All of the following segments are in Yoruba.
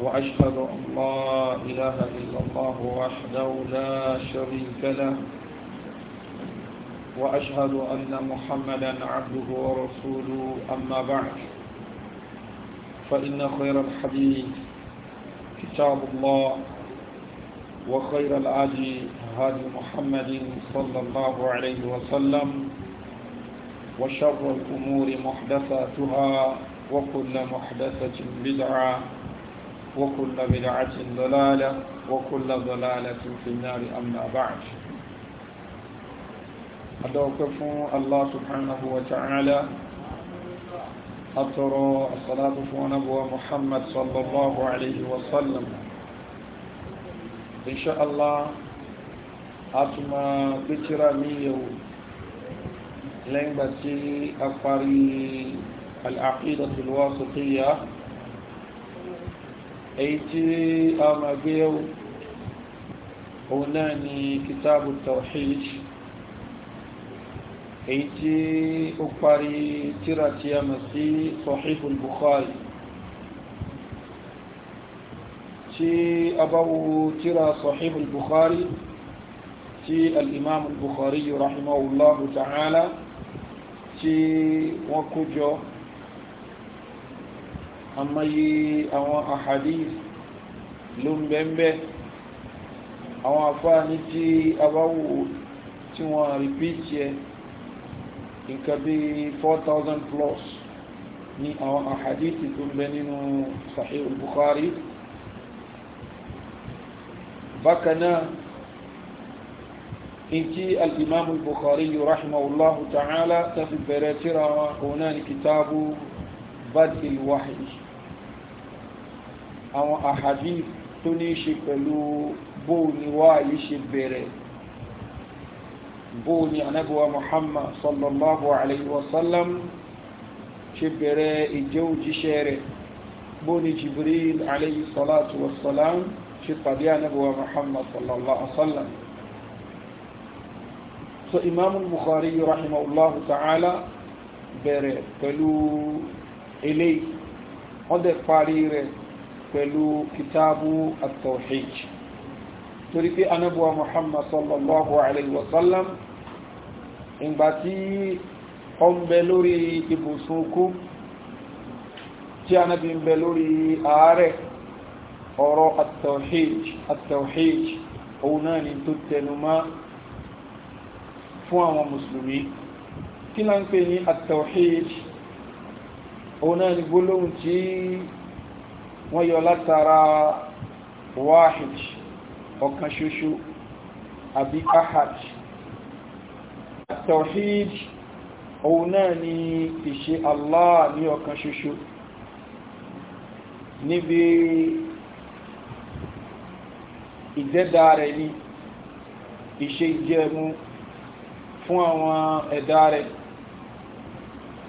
وأشهد أن لا إله إلا الله وحده لا شريك له وأشهد أن محمدا عبده ورسوله أما بعد فإن خير الحديث كتاب الله وخير الآدي هادي محمد صلى الله عليه وسلم وشر الأمور محدثاتها وكل محدثة بدعة وكل بدعة ضلالة وكل ضلالة في النار أما بعد أدوكف الله سبحانه وتعالى أترى الصلاة ونبوة محمد صلى الله عليه وسلم إن شاء الله أتما بترى ميو لين بتي العقيدة الواسطية èyí tí a máa gbé yẹ̀wò òun náà ni kitabu tawhid èyí tí ó parí tírà tí a mọ̀ sí sahih al-bukhari tí a bá wo tírà sahih bukhari tí al-imam al rahimahullahu ta'ala tí wọ́n kó jọ àmọ́yé àwọn ahadith ló ń bẹ́ẹ̀ àwọn àfáàní tí a bá wò tí wọ́n repeat yẹ nǹkan bí 4000 plus ní àwọn ahadith tó ń bẹ nínú sahih bukhari bákanáà انتي الامام البخاري رحمه الله تعالى تفي براترا هناك كتاب bad ilwahi àwọn àhàdí tó ní ṣe pẹ̀lú bóò ni wáyé ṣe bẹ̀rẹ̀ bóò ni anábíwá muhammad sallallahu alayhi wa sallam ṣe bẹ̀rẹ̀ ìjẹ́ òjíṣẹ́ rẹ̀ bóò ni jibril alayhi salatu wa salam ṣe pàdé anábíwá muhammad sallallahu alayhi so imam bukhari rahimahullahu ta'ala bẹ̀rẹ̀ pẹ̀lú eléyìí wọ́n dẹ̀ parí rẹ̀ pẹ̀lú kitabu at-tawhid torí pé anábúwa muhammad sallallahu alayhi wa sallam ìgbà tí ó ń bẹ lórí ibùsùn kú tí anábí ń bẹ lórí ààrẹ ọ̀rọ̀ at-tawhid at òun náà ni tó tẹnumá fún àwọn mùsùlùmí kí la ń pè ní at òun náà ni gbólóhùn tí wọ́n yọ látara wahid ọ̀kan ṣoṣo àbí ahad tawhid òun náà ni ìṣe Allah ní ọ̀kan ṣoṣo níbi ìdẹ́dà rẹ̀ ní ìṣe ìjẹ́mú fún àwọn ẹ̀dá rẹ̀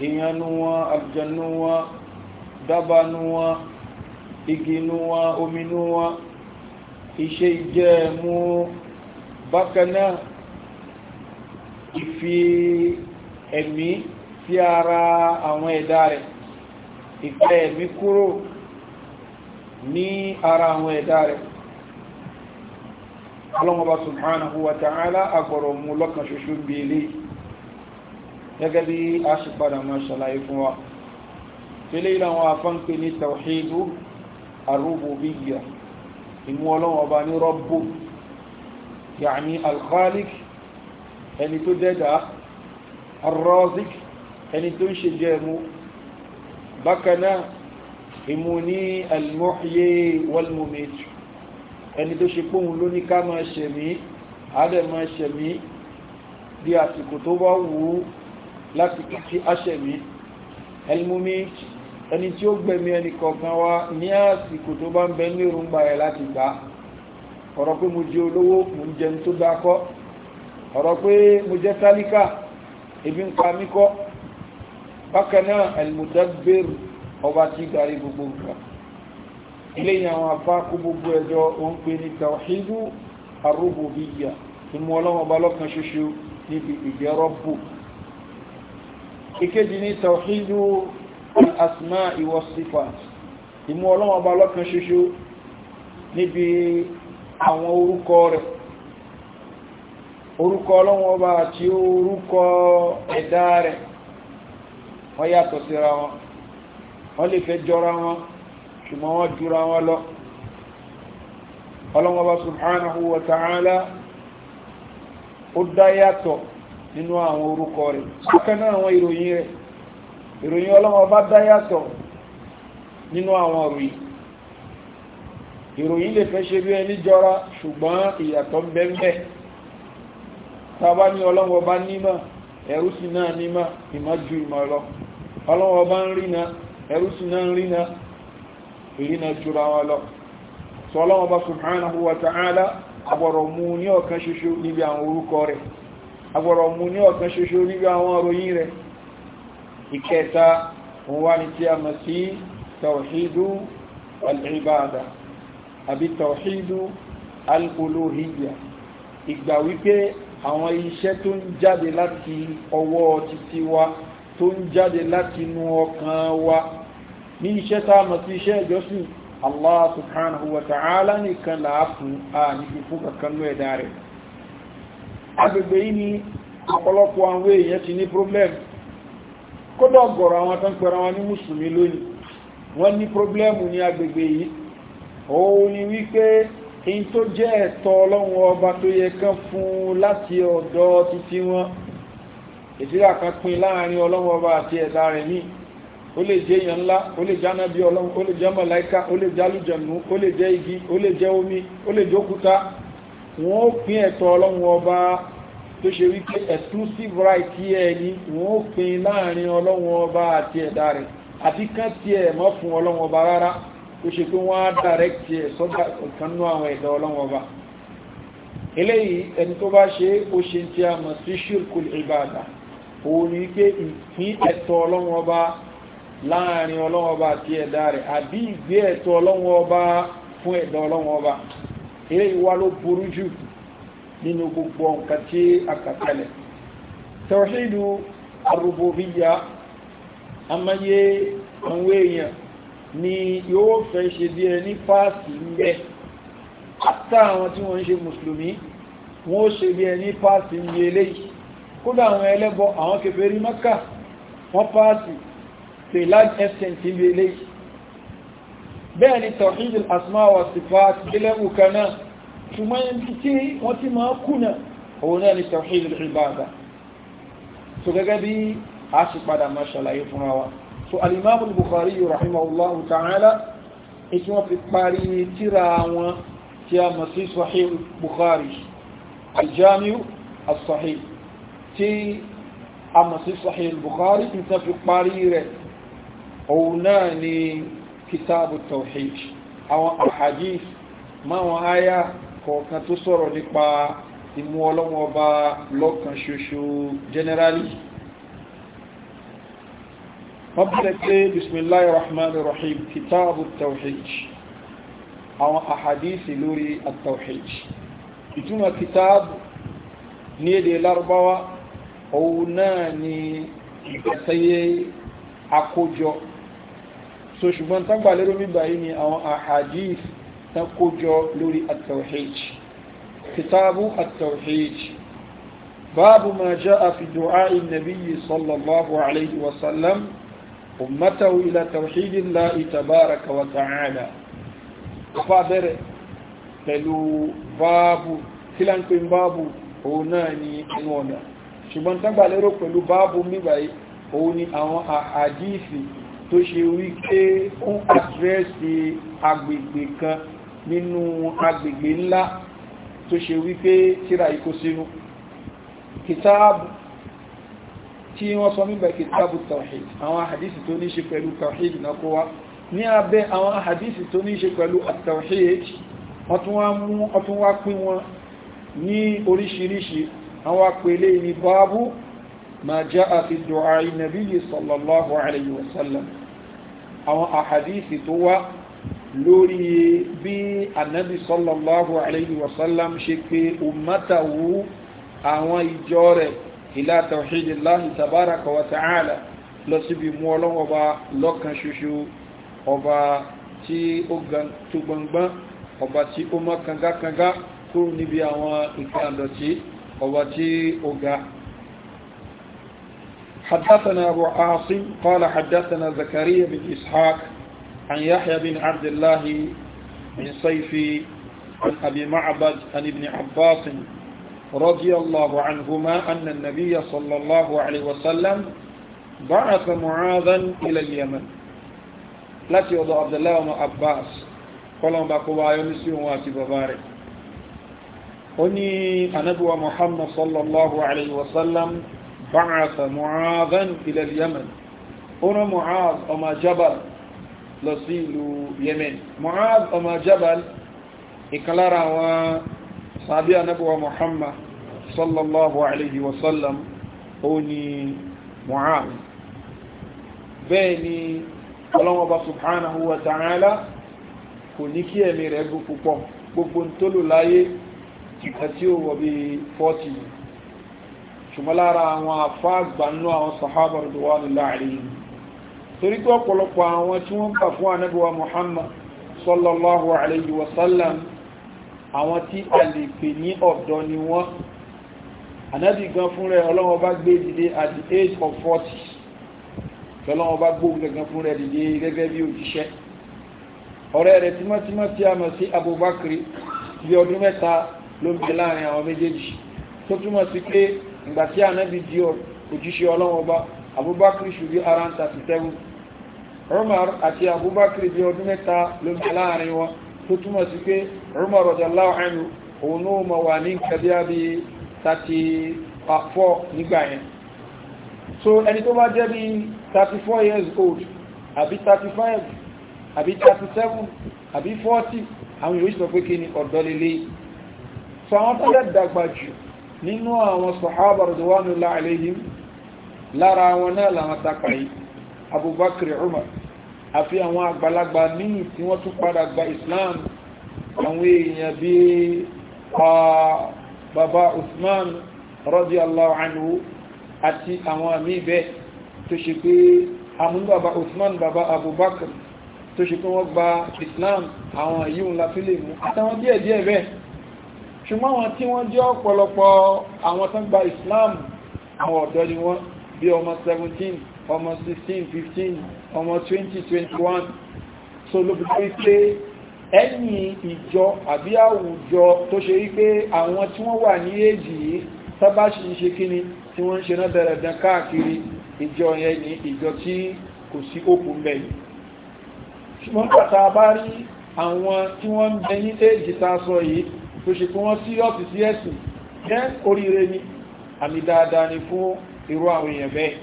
ìyanu wọn àlùjànnú wọn dábànú wọn iginú wọn ominú wọn iṣẹ́ ìjẹ́ mú bákanáà ìfi ẹ̀mí sí ara àwọn ẹ̀dá rẹ̀ ìfẹ́ ẹ̀mí kúrò ní ara àwọn ẹ̀dá rẹ̀ ọlọ́mọba subhanahu wa ta'ala agbọ̀rọ̀ mú lọ́kàn ṣoṣo bí eléyìí gẹ́gẹ́ bí a ṣe padà mọ́ ṣàlàyé fún wa tẹ́lẹ̀ ìlànà àfáǹpé ní tawhidu arububiyya ìmú ọlọ́wọ́ ọba ní rọ́bù yàní alkhalik ẹni tó dẹ́dà arrozik ẹni tó ń ṣe jẹ́ mú bákanáà ìmú ní almuhye walmumit ẹni tó ṣe pòhun ló ní ká máa ṣẹ̀mí adẹ̀ máa ṣẹ̀mí bí àsìkò tó bá wù láti kí aṣẹ̀mí ẹlmúmí ẹni tí ó gbẹ̀mí ẹni kọ̀ọ̀kan wá ní àsìkò tó bá ń bẹ ní òrùngbà ẹ̀ láti gbà ọ̀rọ̀ pé mo jẹ olówó mo ń jẹun tó dáa kọ́ ọ̀rọ̀ pé mo jẹ́ tálíkà ebi ń pa mí kọ́ bákan ọba tí darí gbogbo nǹkan ilé yẹn àwọn afá kó gbogbo ẹjọ́ òun pè ní tawhidu arúgbó bíyà ìmú ọlọ́wọ́n lọ́kan ṣoṣo níbi ìjẹ́rọ́bù ìkéjì ní tawhidu al-asma'i wa sifat ìmú ọlọ́wọ́ bá lọ́kan ṣoṣo níbi àwọn orúkọ rẹ̀ orúkọ ọlọ́wọ́ bá àti orúkọ ẹ̀dá rẹ̀ wọ́n yàtọ̀ síra wọn wọ́n lè fẹ́ jọra wọn ṣùgbọ́n wọ́n jura wọn lọ ọlọ́wọ́ bá subhanahu wa ta'ala ó dá yàtọ̀ nínú àwọn orúkọ rẹ̀ bákaná àwọn ìròyìn rẹ̀ ìròyìn ọlọ́wọ́ bá dá yàtọ̀ nínú àwọn ìròyìn ìròyìn lè fẹ́ ṣe bí ẹni jọra ṣùgbọ́n ìyàtọ̀ bẹ́ẹ̀ tàbá ní ọlọ́wọ́ bá nímọ̀ náà nímọ̀ ìmọ̀ ju ìmọ̀ lọ ọlọ́wọ́ bá ń rìnà ẹ̀rú náà ń ìrìnà wọn lọ sọ ọlọ́wọ́ bá subhanahu wa ta'ala àbọ̀rọ̀ mú ní ọ̀kan ṣoṣo níbi agbọ̀rọ̀ mú ní ọ̀kan ṣoṣo níbi àwọn ròyìn rẹ̀ ìkẹta òun wá ní tí a mọ̀ sí tawhidu al-ibada àbí tawhidu al-uluhiyya ìgbà wípé àwọn iṣẹ́ tó ń jáde láti ọwọ́ títí wa tó ń jáde láti inú ọkàn wa ní iṣẹ́ tá a mọ̀ sí iṣẹ́ ìjọsìn Allah subhanahu wa ta'ala nìkan làá a níbi kankan ló rẹ̀ agbègbè yìí ni ọ̀pọ̀lọpọ̀ àwọn èèyàn ti ní problem kódọ ọ̀gọ̀rọ̀ àwọn tó ń pẹ̀rọ wọn ní mùsùlùmí lónìí wọ́n ní problem ní agbègbè yìí òun ni wípé in tó jẹ́ ẹ̀tọ́ ọlọ́run ọba tó yẹ kán fún láti ọ̀dọ̀ títí wọn kan láàrin ọlọ́run ọba àti ẹ̀dá rẹ̀ ó lè jẹ́ èèyàn ńlá ó lè ọlọ́run ó lè jẹ́ mọ̀láíkà ó lè ó lè igi ó lè jẹ́ omi ó lè wọ́n pín ẹ̀tọ́ ọlọ́run ọba tó ṣe wípé exclusive right tí ẹ ní wọ́n pín láàrin ọlọ́run ọba àti ẹ̀dá rẹ̀ àti kán tí ẹ mọ́ fún ọlọ́run ọba rárá tó ṣe pé wọ́n á direct ẹ̀ sọ́dá ìkanú àwọn ẹ̀dá ọlọ́run ọba eléyìí ẹni tó bá ṣe ó ṣe tí a mọ̀ sí ẹ̀dá rẹ̀ àbí ìgbé ẹ̀tọ́ ọlọ́run ọba fún ẹ̀dá ọlọ́run ọba eré ìwà ló burú jù nínú gbogbo nǹkan tí a kà kalẹ̀ tawhidu amáyé àwọn èèyàn ni yóò fẹ́ ṣe bí ẹni páàsì ń bẹ àtà àwọn tí wọ́n ń ṣe mùsùlùmí wọ́n ó ṣe bí ẹni páàsì ń bẹ eléyìí kódà àwọn ẹlẹ́bọ àwọn kèfèrí Mákà wọ́n páàsì pè large extent ń bẹ́ẹ̀ ni tawhid al-asma wa sifat gẹ́lẹ́wù kanáà ṣùgbọ́n ibi tí wọ́n ti máa kùnà òun náà ni tawhid al-ibada so gẹ́gẹ́ bí a ṣe padà máa ṣàlàyé fúnra wa so al-imam al-bukhari rahimahullah ta'ala ètí wọ́n fi parí tíra wọn kitabu tawhid àwọn ahadith máwọn aya kọ̀ọ̀kan tó sọ̀rọ̀ nípa ìmú ọlọ́wọ́ ọba lọ́kan ṣoṣo generally wọ́n bẹ̀rẹ̀ pé bismillahi rahman rahim kitabu tawhid àwọn ahadithi lórí at-tawhid ìtumọ̀ kitabu ní èdè larabawa òun náà ni ìgbẹ̀sẹ̀yẹ àkójọ so ṣùgbọ́n tán gbà lérò mígbà yìí ni àwọn ahadith tán kó jọ lórí at-tawhid kitabu at-tawhid báàbù ma jaa fi du'a'i nabiyyi sallallahu alayhi wa sallam ummatahu ila tawhidillahi tabaraka wa ta'ala ọba bẹ̀rẹ̀ pẹ̀lú báàbù tó ṣe wípé ó àdírẹ́sì agbègbè kan nínú agbègbè ńlá tó ṣe wípé tíra ikó sínú kìtàbù tí wọ́n sọ nígbà kìtàbù tawhid àwọn hadisi tó ní ṣe pẹ̀lú tawhid náà kó wá ní abẹ́ àwọn hadisi tó ní ṣe pẹ̀lú tawhid wọ́n wá pín wọn ní oríṣiríṣi àwọn apèlé ní báábù ما جاء في دعاء النبي صلى الله عليه وسلم أو أحاديث توا لوري بي النبي صلى الله عليه وسلم شكي أمته أو إجارة إلى توحيد الله تبارك وتعالى لسبي مولون وبا لوكان شوشو وبا تي أغان تبنبا وبا تي أمكان كان كان كون نبي أوان إكاندتي وبا تي أغان حدثنا أبو عاصم قال حدثنا زكريا بن إسحاق عن يحيى بن عبد الله عن صيفي عن أبي معبد عن ابن عباس رضي الله عنهما أن النبي صلى الله عليه وسلم بعث معاذا إلى اليمن láti ọ̀dọ̀ abdullahi ọmọ abbas kọlọmbà kó wá yọ nísí òun àti bàbá rẹ̀ ó ní anábíwa muhammad sallallahu بعث معاذا إلى اليمن هنا معاذ أما جبل لصيل يمن معاذ أما جبل إكلارا وصابع نبوة محمد صلى الله عليه وسلم هوني معاذ بيني الله سبحانه وتعالى kò ní kí ẹ̀mí rẹ̀ gùn púpọ̀ gbogbo ń ṣùgbọ́n lára àwọn àfáàgbà nínú àwọn sahaba radwanullahi alayhim torí pé ọ̀pọ̀lọpọ̀ àwọn tí wọ́n gbà fún ànábì wa Muhammad sallallahu alayhi wa sallam àwọn tí a lè pè ní ọ̀dọ́ ni wọ́n ànábì gan fún rẹ̀ ọlọ́wọ́ bá gbé dìde at the age of 40 lọ́lọ́wọ́ bá gbóhùn gangan fún rẹ̀ dìde gẹ́gẹ́ bí òjíṣẹ́ ọ̀rẹ́ rẹ̀ tí a mọ̀ sí Abubakar bí ọdún sí ìgbà tí ànábì di òjíṣẹ́ ọlọ́run ọba abubakar ṣubí ara ń tàbí tẹ́wù umar àti abubakar bí ọdún mẹ́ta ló mẹ́ láàrin wọn tó túmọ̀ sí pé umar radiyallahu anhu òun náà mọ̀ wà ní nǹkan bí i tàti fọ́ nígbà yẹn so ẹni àwọn yóò sọ pé kí ni ọ̀dọ́ lélẹ́yìí so àwọn tó lẹ́ jù nínú àwọn sọ̀hábà radwanullahi alayhim lára wọn náà làwọn tapa yìí abubakar umar àfi àwọn àgbàlagbà míì tí wọ́n tún padà gba islam àwọn èèyàn bí bàbá usman radiyallahu anhu àti àwọn àmì bẹ́ẹ̀ tó ṣe pé àmúlò bàbá usman bàbá abubakar tó ṣe pé wọ́n gba islam àwọn yíò ńlá fílẹ̀ mú àtàwọn díẹ̀díẹ̀ bẹ́ẹ̀ ṣùgbọ́n wọn tí wọ́n jẹ́ ọ̀pọ̀lọpọ̀ àwọn tó gba Islam àwọn ọ̀dọ́ ni wọ́n bí ọmọ 17 ọmọ 16 15 ọmọ 20 21 so lóbi pé ẹ̀yìn ìjọ àbí àwùjọ tó ṣe wípé àwọn tí wọ́n wà ní èjì yìí sábà ṣì ń ṣe kíni tí wọ́n ṣe náà káàkiri ìjọ yẹn ni ìjọ tí kò sí òkú mẹ́yìn ṣùgbọ́n pàtàkì àwọn tí wọ́n ń bẹ ní èjì tá sọ yìí tó ṣe fún wọn síríọ́sì sí ẹ̀sìn jẹ́ oríire ni àmì dáadáa ni fún irú àwọn èèyàn bẹ́ẹ̀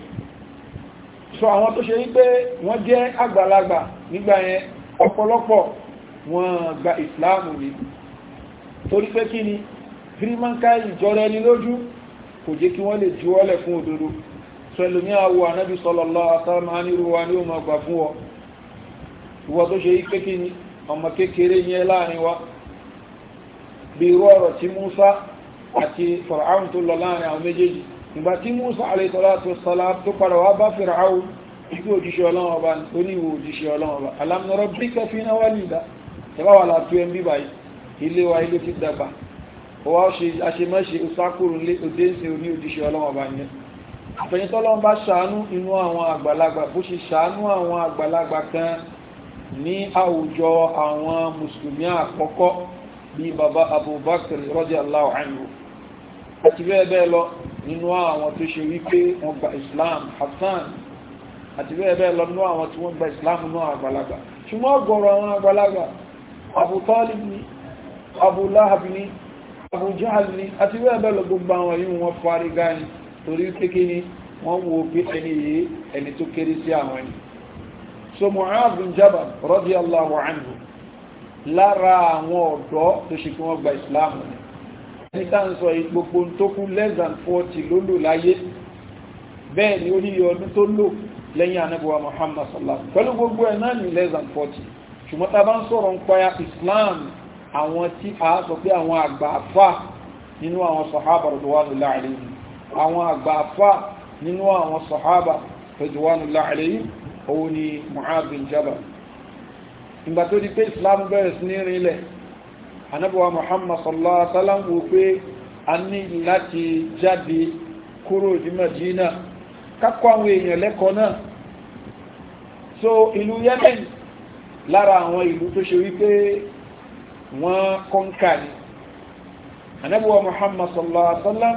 sọ àwọn tó ṣe ní pé wọ́n jẹ́ àgbàlagbà nígbà yẹn gba ìsìláàmù ni torí pé kí ni gírímánká ìjọra ẹni lójú kò jẹ́ kí wọ́n lè fún òdodo sọ ẹlòmí àwọ wa ọ ìwọ tó ṣe pé ni ọmọ kékeré yẹn bí irú ọ̀rọ̀ tí Musa àti Fir'aun tó lọ láàrin àwọn méjèèjì ìgbà tí Musa alayhi salatu wassalam tó padà wá bá Fir'aun ikú òjíṣẹ́ ọlọ́run ọba oníwò òjíṣẹ́ ọlọ́run ọba alam nurabbika fina walida tẹ́lá wà látú ẹ bíbà ilé wa ilé ti dàgbà ó wá ṣe àṣemáṣe òsákòrò lé òdé ń se oní òjíṣẹ́ bá ṣàánú inú àwọn àgbàlagbà bó ṣe ṣàánú àwọn àgbàlagbà kan ní àwùjọ àwọn mùsùlùmí àkọ́kọ́ bíi baba abubakar radiyallahu anhu àti bẹ́ẹ̀ bẹ́ẹ̀ lọ nínú àwọn tó ṣe wípé wọ́n gba islam hassan àti bẹ́ẹ̀ bẹ́ẹ̀ lọ nínú àwọn tí wọ́n gba islam náà àgbàlagbà ṣùgbọ́n ọgọ̀rọ̀ àwọn àgbàlagbà abu talib ni abu lahab ni abu jahal ni àti bẹ́ẹ̀ bẹ́ẹ̀ lọ gbogbo àwọn yìí lára àwọn ọ̀dọ́ tó ṣe kí wọ́n gba ìsìláàmù ni ẹni tá ń sọ gbogbo tó kú less than forty ló lò láyé bẹ́ẹ̀ ni ó níye ọdún tó lò lẹ́yìn anábọ̀wá Muhammad sallallahu pẹ̀lú gbogbo ẹ̀ náà ní less than forty ṣùgbọ́n tá a bá ń sọ̀rọ̀ ń paya Islam àwọn tí a sọ pé àwọn àgbà nínú àwọn sọ̀hábà radwanullahi alayhim ìgbà tó di pé islam bẹ̀rẹ̀ sí ní rinlẹ̀ anábọ̀wà muhammad sallallahu alaihi wasallam wò pé a ní láti jáde kúrò ní madina àwọn èèyàn lẹ́kọ̀ọ́ náà so ìlú yemen lára àwọn ìlú tó ṣe wípé wọ́n kọ́ńkà ni anábọ̀wà muhammad sallallahu alaihi wasallam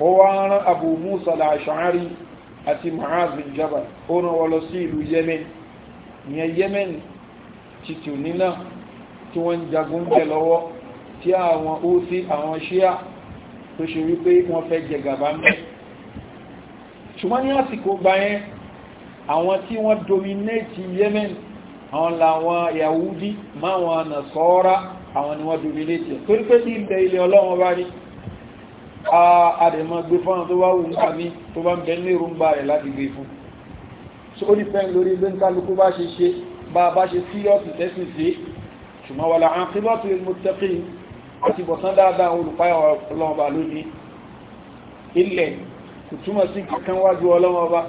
ó wá rán abu musa al-ash'ari àti mu'az bin jabal títí òní náà tí wọ́n ń jagun ń bẹ̀ lọ́wọ́ tí àwọn ó sí àwọn ṣíà tó ṣe wípé wọ́n fẹ́ jẹ gàba ń ṣùgbọ́n ní àsìkò gba yẹn àwọn tí wọ́n dominate Yemen àwọn làwọn Yahudi máwọn Nasara àwọn ni wọ́n dominate ẹ̀ torí pé ilẹ̀ ilẹ̀ ọlọ́wọ́n bá rí àdẹ̀mọ́ gbé fún àwọn tó bá wù ń kà tó bá ń bẹ ní èròǹgbà rẹ̀ láti gbé fún so ó dìpẹ́ lórí ilé ń kálukú bá ṣe ṣe bá a bá ṣe síríọ́sì tẹ́sìn sí ṣùgbọ́n wà láàrín kíbọ́tù ilmùtẹ́kìn àti bọ̀sán dáadáa olùpáyà ọlọ́ọba lónìí ilẹ̀ kò túmọ̀ sí kankan wájú ọlọ́ọba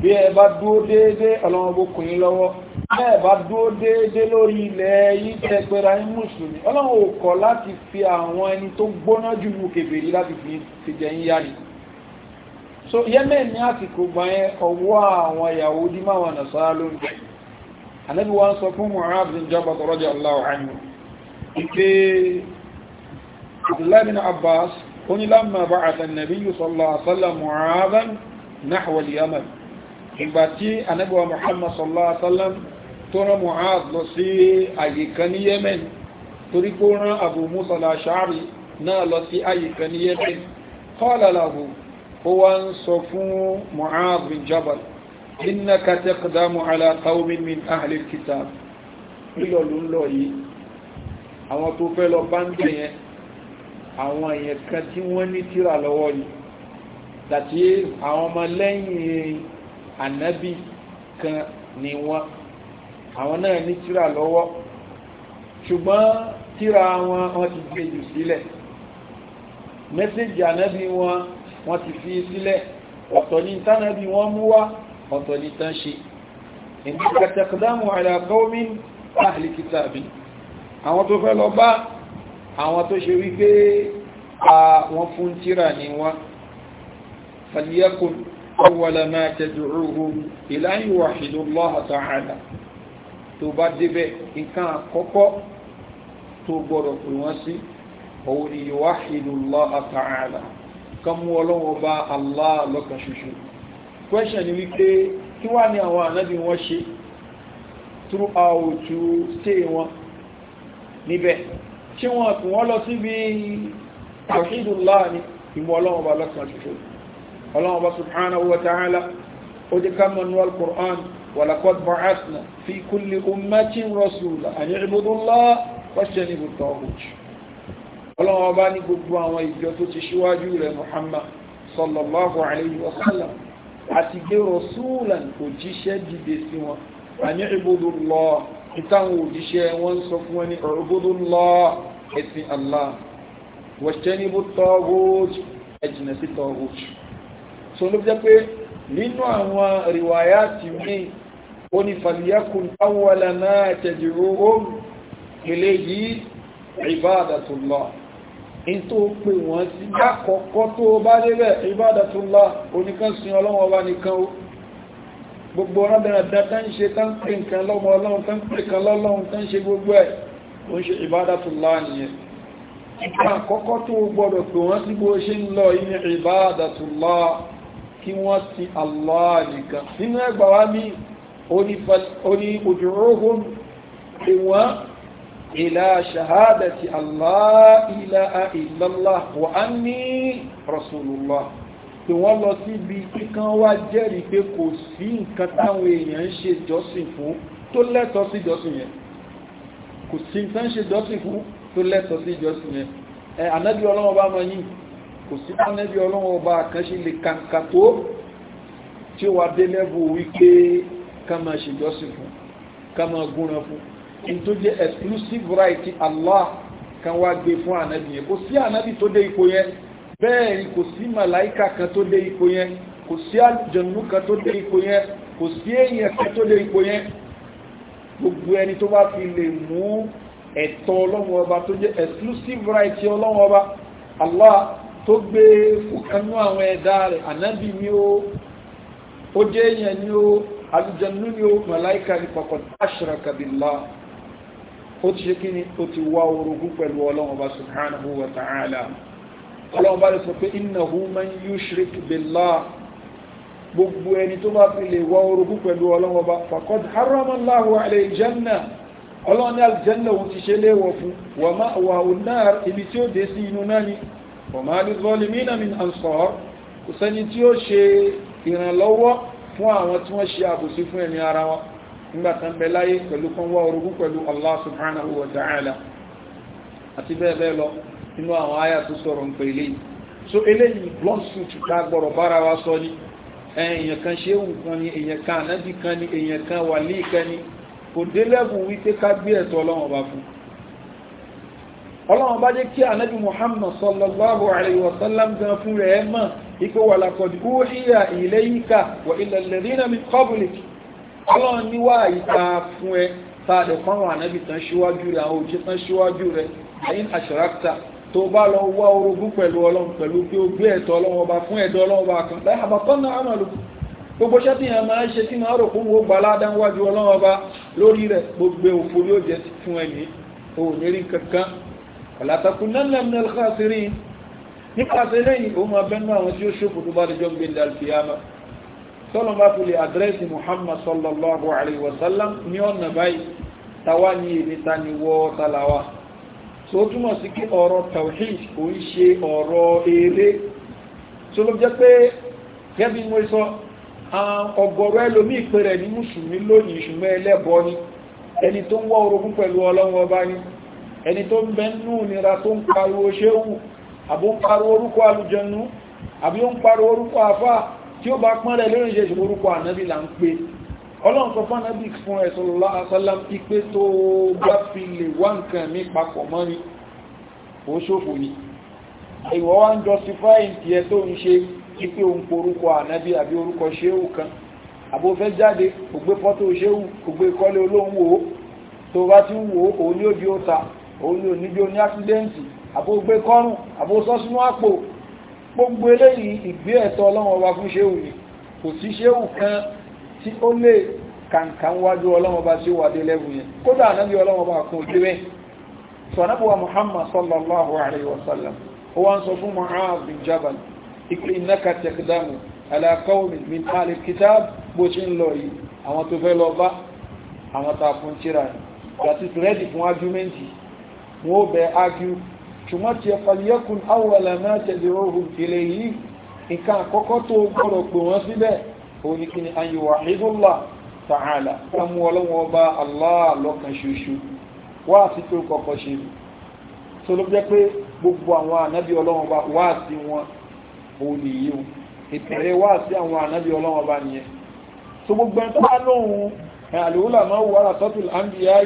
bí ẹ bá dúó déédé ọlọ́ọba kò yín lọ́wọ́ bí ẹ bá dúó déédé lórí ilẹ̀ yìí tẹ́ ní mùsùlùmí ọlọ́run láti fi àwọn ẹni tó gbóná jù wù kèbèrè láti fi jẹ so yẹ́mẹ̀ ní àsìkò gbà yẹn ọwọ́ àwọn Yahudi máwọn Nasara ló ń anabi wa sọ fún mu'adh bin jabal radiyallahu anhu ike abdullahi bin abbas ó ní lamma ba'atha an-nabiy sallallahu alaihi wasallam mu'adhan nahwa al-yaman ìgbà tí anabi wa muhammad sallallahu alaihi wasallam tó rán mu'adh lọ sí àyè kan ní yemen torí kó rán abu musa al-ash'ari náà lọ sí àyè sọ fún mu'adh bin jabal innaka taqdamu ala qaumin min ahli alkitab lílọ ló ń lọ yìí àwọn tó fẹ́ lọ bá ń bẹ̀ yẹn àwọn èèyàn kan tí wọ́n ní tírà lọ́wọ́ ni dàtí àwọn ọmọ lẹ́yìn ànábì kan ni wọ́n àwọn náà ní tírà lọ́wọ́ ṣùgbọ́n tírà wọn wọ́n ti gbé jù sílẹ̀ mẹ́sẹ̀jì ànábì wọn wọ́n ti fi sílẹ̀ ọ̀tọ̀ ní tánàbí wọ́n mú wá ọ̀tọ̀lítà ṣe ìdíkà tẹ̀kùdámù àlàkọ́mí ahli kitabi àwọn tó fẹ́ lọ bá àwọn tó ṣe wípé àwọn fún tíra ní wá falyakun awwala ma tad'uuhum ila yuwahidu Allah ta'ala tó bá débẹ̀ nǹkan àkọ́kọ́ tó gbọ́dọ̀ pè wọ́n sí ọlọ́wọ́ bá Allah lọ́kan ṣoṣo question ni wípé kí wá ní àwọn ànábì wọn ṣe throughout stay wọn níbẹ̀ tí wọ́n kù wọ́n lọ síbi tawhidullah ni ìmọ̀ ọlọ́wọ́ bá lọ́kàn ṣoṣo ọlọ́wọ́ subhanahu wa ta'ala ó jẹ́ ká mọ̀ quran ولقد بعثنا في كل أمة رسولا أن يعبدوا الله واجتنبوا الطاغوت ọlọ́wọ́ bá ní gbogbo àwọn ìjọ tó ti ṣíwájú rẹ̀ Muhammad sallallahu alayhi wa sallam àti gbé rọ̀súùlàn òjíṣẹ́ dìde sí wọn àní ìbòdó lọ ìtàwọn òjíṣẹ́ wọn sọ fún wọn ní ìbòdó lọ ẹ̀sìn Allah wọ̀ṣẹ́ níbo tọ́gọ́jù ẹ̀jìnà sí tọ́gọ́jù so ló jẹ́ pé nínú àwọn rìwáyà ti mí ó ní fàlìyàkùn awwala ma tad'uhum ilayhi ibadatullah in tó pè wọ́n sí lákọ̀ọ́kọ́ tó bá débẹ̀ ìbádàtúnlá oníkan sin ọlọ́wọ́ ọba nìkan ó gbogbo ọ̀rọ̀bẹ̀rẹ̀ dáadáa ń ṣe tán pè nǹkan lọ́mọ ọlọ́run tán pè kan lọ́lọ́run tán ṣe gbogbo ẹ̀ ó ń ṣe ìbádàtúnlá nìyẹn ìgbà àkọ́kọ́ tó gbọ́dọ̀ pè wọ́n sí bó ṣe ń lọ inú ìbádàtúnlá kí wọ́n ti Allah nìkan nínú ẹgbàá mi oní ojúrógún ìwọ̀n إلى شهادة الله إلى إلا الله وأني رسول الله tí wọ́n lọ sí ibi kíkan wá jẹ́rìí pé kò sí nǹkan táwọn èèyàn ń ṣe jọ́sìn fún tó lẹ́tọ̀ọ́ sí jọ́sìn yẹn kò sí nǹkan ṣe jọ́sìn fún tó lẹ́tọ̀ọ́ sí jọ́sìn yẹn ẹ ànábì ọlọ́wọ́ bá mọ yìí kò sí ànábì ọlọ́wọ́ bá kan lè kàǹkà tó tí wà dé lẹ́bù wípé ká máa ṣe jọ́sìn fún ká máa gúnran fún tó jẹ́ exclusive right Allah kan wá gbé fún ànábì yẹn kò sí ànábì tó dé ipò yẹn bẹ́ẹ̀ ni kò sí màláìkà kan tó dé ipò yẹn kò sí àlùjànnú kan tó dé ipò yẹn kò sí èèyàn kan tó dé ipò yẹn gbogbo ẹni tó bá fi lè mú ẹ̀tọ́ ọlọ́run ọba tó jẹ́ exclusive right ọlọ́run ọba Allah tó gbé fòkanú àwọn ẹ̀dá rẹ̀ ànábì ni ó ó jẹ́ èèyàn ni ó àlùjànnú ni ó màláìkà ni pàpàtà ashraka billah ó ti ṣe kí ni ó ti wá orogún pẹ̀lú ọlọ́run ọba subhanahu wa ta'ala ọlọ́run bá lè sọ pé innahu man yushrik billah gbogbo ẹni tó bá fi lè wá orogún pẹ̀lú ọlọ́run ọba faqad harrama Allahu alayhi janna ọlọ́run ní aljanna òun ti ṣe nígbàtán bẹ láyé pẹ̀lú kan wá orogún pẹ̀lú Allah subhanahu wa ta'ala àti bẹ́ẹ̀ bẹ́ẹ̀ lọ inú àwọn àyà tó sọ̀rọ̀ ń pè eléyìí so eléyìí blunt suit ká gbọ́rọ̀ bára wa sọ ni èèyàn kan ṣéwù kan ni èèyàn kan ànábì kan ni èèyàn kan wàlí kan ni kò ọlọ́run níwá ìta fún ẹ tààdẹ̀ fáwọn ànábì tán síwájú rẹ̀ àwọn òjì tán síwájú rẹ̀ ẹ̀yìn àṣàrákítà tó bá lọ wá orogún pẹ̀lú ọlọ́run pẹ̀lú pé ó gbé ẹ̀tọ́ ọlọ́run ọba fún ẹ̀dọ́ ọlọ́run ọba kan láì àbàtọ́ náà àmà lò gbogbo ṣẹ́ tí yẹn máa ń ṣe tí máa rò fún wo gbaládá wájú ọlọ́run ọba lórí rẹ̀ gbogbo òfò yóò jẹ́ fún ẹni o ò ní rí kankan ọ̀làtàkù nánà ní alkhasirin nípasẹ̀ lẹ́yìn òun abẹ́nú àwọn tí ó ṣòfò tó bá dẹjọ́ gbé dàlfìyàmá tọ́lọ̀ bá fi lè àdírẹ́sì muhammad sallallahu alaihi wasallam ní ọ̀nà báyìí tàwa ní èdè ta ni wọ́ tàlàwà so túnmọ̀ sí kí ọ̀rọ̀ tawhid kò ń ṣe ọ̀rọ̀ eré so ló jẹ́ pé kẹ́bí mo sọ ọgọ̀rọ̀ ẹlòmíì pé rẹ̀ ní mùsùlùmí lónìí ṣùgbọ́n ẹlẹ́bọ ni ẹni tó ń wá orogún pẹ̀lú ọlọ́run ọba ni ẹni tó ń bẹ́nú nira tó ń pariwo ṣéwù àbó ń pariwo orúkọ alùjẹnu àbí ó ń pariwo orúkọ àfáà tí ó bá pọ́n rẹ̀ lórí ìṣẹ́ orúkọ ànábì là ń pè ọlọ́run sọ fún ànábì fún ẹ̀sọ̀lọ́lá asálám ipé tó bá fi lè wá nǹkan mi papọ̀ mọ́ ni ó ṣòfò ni ìwọ wá ń justify ti ẹ tó ń ṣe ipé òun porúkọ ànábì àbí orúkọ ṣéhù kan àbó fẹ́ gbogbo eléyìí ìgbé ẹ̀tọ́ ọlọ́run ọba fún ṣéwù ni kò sí ṣéwù kan tí ó lè kàǹkà wájú ọlọ́run ọba tí ó wà dé lẹ́bù yẹn kódà ànábì ọlọ́run ọba kún ojú rẹ̀ sọ̀nàbùwà muhammad sallallahu alayhi wa sallam ó wá ń sọ fún muhammad bin jabal ìpè innaka taqdamu ala qawmin min ahli kitab bó ṣe ń lọ yìí àwọn tó fẹ́ lọ bá àwọn tá a fún tíra rẹ̀ that is fún argument wọn bẹ argue ṣùgbọ́n ti ẹ̀fàlìyẹ́kùn awọ̀lẹ̀ náà tẹ̀lé ohun ilẹ̀ yìí nǹkan àkọ́kọ́ tó gbọ́dọ̀ pè wọ́n síbẹ̀ òní kí ni ayùwà ìdúlà tààlà ọmọ ọlọ́wọ́ bá aláà lọ́kan ṣoṣo wá sí tó kọ́kọ́ ṣe rí tó ló jẹ́ pé gbogbo àwọn ànábì ọlọ́wọ́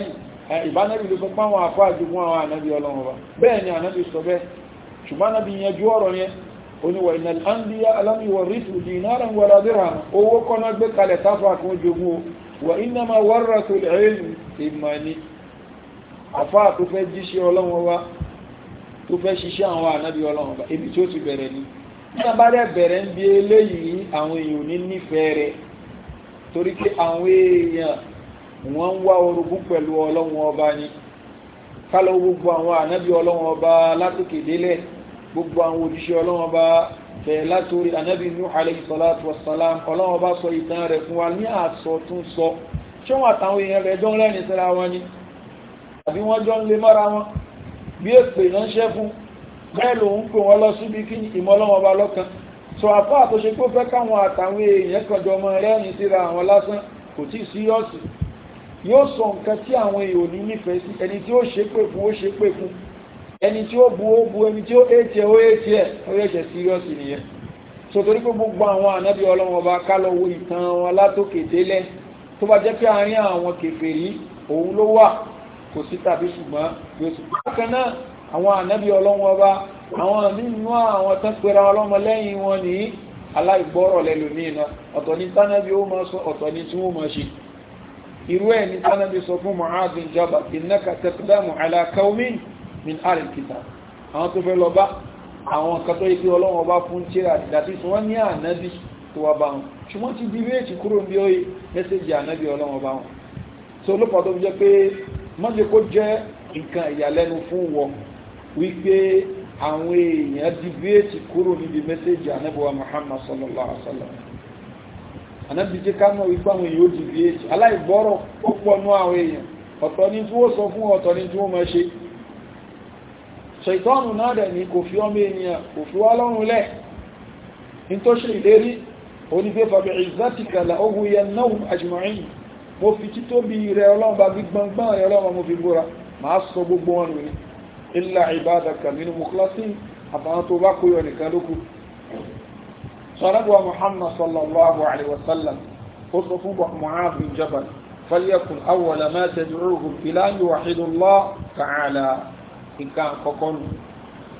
bá ìbánẹ́bí ló sọ pé àwọn àfá àjogún àwọn ànábí ọlọ́run wa bẹ́ẹ̀ ni ànábí sọ bẹ́ẹ̀ ṣùgbọ́n ànábí yẹn ju ọ̀rọ̀ yẹn oníwà ìnà àndíyà alámiwà rítù di náírà ń wọlá dìrà owó kọ́nà gbé kalẹ̀ táfà kan jogún o wà iná máa wárà tó lẹ́yìn ìmọ̀ ni àfá tó fẹ́ jíṣẹ́ ọlọ́run wa tó torí pé àwọn èèyàn wọ́n ń wá orogún pẹ̀lú ọlọ́run ọba ni kálọ̀ gbogbo àwọn ànábì ọlọ́run ọba látòkè délẹ̀ gbogbo àwọn òjíṣẹ́ ọlọ́run ọba bẹ̀rẹ̀ látòrí ànábì Nuh alayhi salatu ọlọ́run ọba sọ ìtàn rẹ̀ fún wa ní àsọtún sọ ṣé wọn àtàwọn èèyàn rẹ̀ jọ ń rẹ́rìn síra wọn ni àbí wọ́n jọ ń lé mọ́ra wọn bí èpè ránṣẹ́ fún bẹ́ẹ̀ lòun pè wọ́n lọ síbi kí ìmọ̀ ọlọ́run ọba lọ́kan sọ àfáà tó ṣe lásán kò tí ì síyọ́ọ̀sì yóò sọ nǹkan tí àwọn èèyàn ní nífẹ̀ẹ́ sí ẹni tí ó ṣe pé fún ó ṣe pé fún ẹni tí ó bu ó bu ẹni tí ó éjì ẹ ó éjì ẹ ó yẹ̀ṣẹ̀ síríọ́sì nìyẹn so torí pé gbogbo àwọn ànábì ọlọ́run ọba ká lọ wo ìtàn wọn látòkè délẹ̀ tó bá jẹ́ pé àárín àwọn kèfèrí òun ló wà kò sí tàbí ṣùgbọ́n yóò sì bákan náà àwọn ànábì ọlọ́run ọba àwọn nínú àwọn tán pera ọlọ́mọ lẹ́yìn wọn ní aláìgbọ́rọ̀ lẹ́lòmíì náà ọ̀tọ̀ ní tánábì ó máa sọ ọ̀tọ̀ ní tí wọ́n máa ṣe irú ẹ̀ ní sanabi sọ fún Mu'adh bin Jabal innaka taqdamu ala qawmin min ahli kitab àwọn tó fẹ́ lọ bá àwọn kan tó yẹ kí ọlọ́wọ́n bá fún tíra dàbí tí wọ́n ní ànábì tó wá bá wọn ṣùgbọ́n ti di méjì kúrò ní oyè mẹ́sẹ̀jì ànábì ọlọ́wọ́n bá wọn so lópa tó jẹ́ pé mọ́jẹ́ kó jẹ́ nǹkan ìyàlẹ́nu ànábì jẹ́ ká mọ̀ wípé àwọn èèyàn ó di bh aláìgbọ́rọ̀ ó pọ̀ nú àwọn èèyàn ọ̀tọ̀ ni tí wọ́n sọ fún ọ̀tọ̀ ni tí wọ́n máa ṣe ṣètọ́nù náà dẹ̀ ní kò fi ọmọ ènìyàn kò fi wá lọ́rùn lẹ̀ ní tó ṣe ìlérí onígbé fàbí ìzátìkà làóhùn yẹn náà àjùmọ̀rin sọ̀rọ̀gbọ̀ muhammad sallallahu alayhi wa sallam ó sọ fún muhammad bin jabal falyakun awwala ma tad'uhum ila yuwahidullah ta'ala nǹkan àkọ́kọ́ nù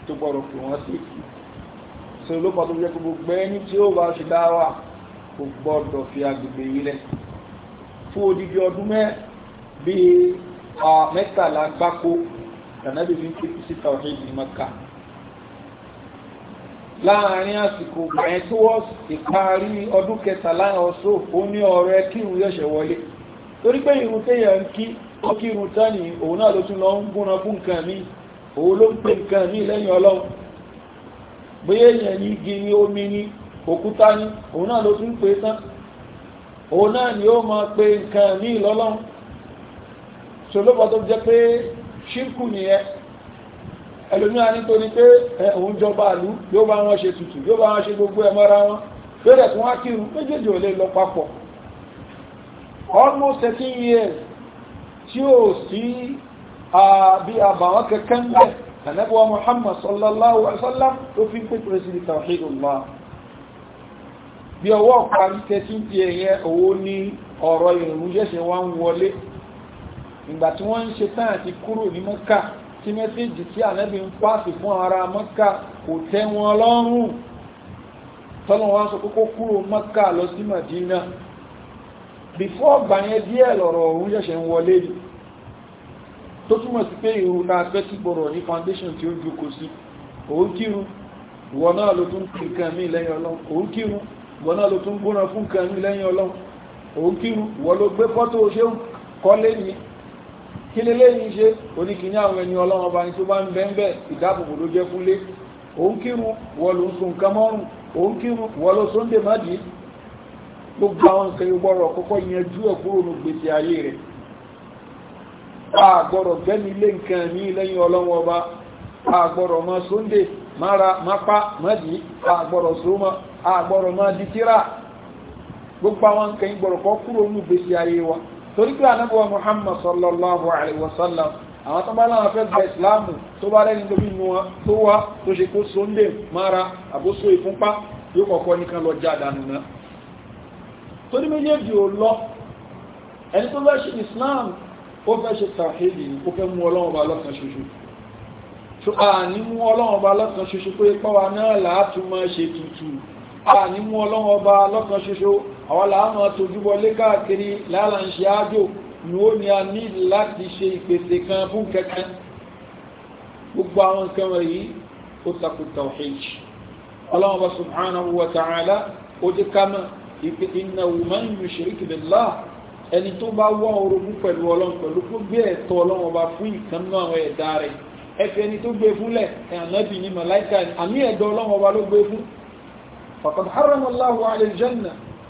tó gbọ́dọ̀ pè wọ́n sí so ló pàtó jẹ́ gbogbo ẹni tí ó bá ṣe dáwà kò gbọ́dọ̀ fi agbègbè yìí lẹ̀ fún odidi ọdún mẹ́ bíi ah, mẹ́tàlá gbáko tànàbí fi ń pèsè síta ọ̀hìn ìmọ̀ká láàrin àsìkò ẹ̀ tó wọ́n ìparí ọdún kẹtàlá ọ̀ṣọ́ ó ní ọ̀rọ̀ ẹ kírun wọlé torí pé irun téèyàn ń kí ó òun náà ló tún lọ ń gúnra fún nǹkan mi òun ló ń pè nǹkan ní lẹ́yìn ọlọ́run ní igi ní omi ní òkúta ní òun náà ló tún pè tán òun náà ni máa pè nǹkan ní ṣòlóbọ̀ ẹlòmíà nítorí pé òun jọba àlú yóò bá wọn ṣe tutù yóò bá wọn ṣe gbogbo ẹmọ́ra wọn bẹ̀rẹ̀ tí wọ́n kírun méjèèjì ò lè lọ papọ̀ almost thirteen years tí ó sí bí àbàwọn kankan bẹ́ẹ̀ ànẹ́bọ̀wà Muhammad sallallahu alaihi wasallam tó fi ń pè pẹ̀lẹ́sì tawhidullah bí ọwọ́ parí tẹ́sí ti ẹ̀yẹ owó ní ọ̀rọ̀ ìrùn jẹ́sẹ̀ wọ́n wọlé ìgbà tí wọ́n ń ṣe tán àti kúrò ní Mọ́kà tí mẹ́sẹ̀jì tí ànábì ń pàṣẹ fún ara mọ́kà kò tẹ́ wọn lọ́rùn tọ́lọ́wọ́ wá sọ kókó kúrò mọ́kà lọ sí màdínà bífọ́ ọgbà yẹn díẹ̀ lọ̀rọ̀ òun ṣẹ̀ṣẹ̀ ń wọlé ni tó túmọ̀ sí pé ìrù náà fẹ́ sí gbọ́rọ̀ ní foundation tí ó ju kò sí òun kírun ìwọ náà ló tún kí nǹkan mí lẹ́yìn ọlọ́run kí leléyìn ṣe oníkìní àwọn ẹni ọlọ́wọ́ ọba ni tó bá ń bẹ́ńbẹ́ ìdáàbòbò ló jẹ́ fúnlé òun kírun wọ́n ń sun nǹkan mọ́rùn òun kírun wọ́n ló sóńdè májì gbogbo àwọn nǹkan ìgbọ́rọ̀ kọ́kọ́ yanjú ẹ̀ kúrò ní gbèsè ayé rẹ̀ àgbọ̀rọ̀ gbẹ́ni ilé nǹkan ní lẹ́yìn ọlọ́run ọba gbogbo àwọn nǹkan ní gbèsè wa torí pé anábọ̀ muhammad sallallahu alaihi wasallam àwọn tó bá láwọn fẹ́ gba ìsìláàmù tó bá lẹ́ni tó bí inú wọn tó wá tó ṣe kó sóńdè mara àbóso ìfúnpá yóò kọ̀kọ́ nìkan lọ já dànù náà torí méjèèjì ò lọ ẹni tó fẹ́ ṣe islam ó fẹ́ ṣe tàhídì ó fẹ́ mú ọlọ́run bá lọ́kan ṣoṣo àní mú ọlọ́run bá àwọn làámọ̀ tójúbọlé káàkiri láàlá ń ṣe ájò ni ó ní a ní láti ṣe ìpèsè kan fún kẹkẹ gbogbo àwọn nǹkan wọ̀nyí ó takò tawhid ọlọ́run bá subhanahu wa ta'ala ó jẹ́ ká mọ̀ ìpè innahu man yushrik billah ẹni tó bá wá orogún pẹ̀lú ọlọ́run pẹ̀lú kó gbé ẹ̀tọ́ ọlọ́run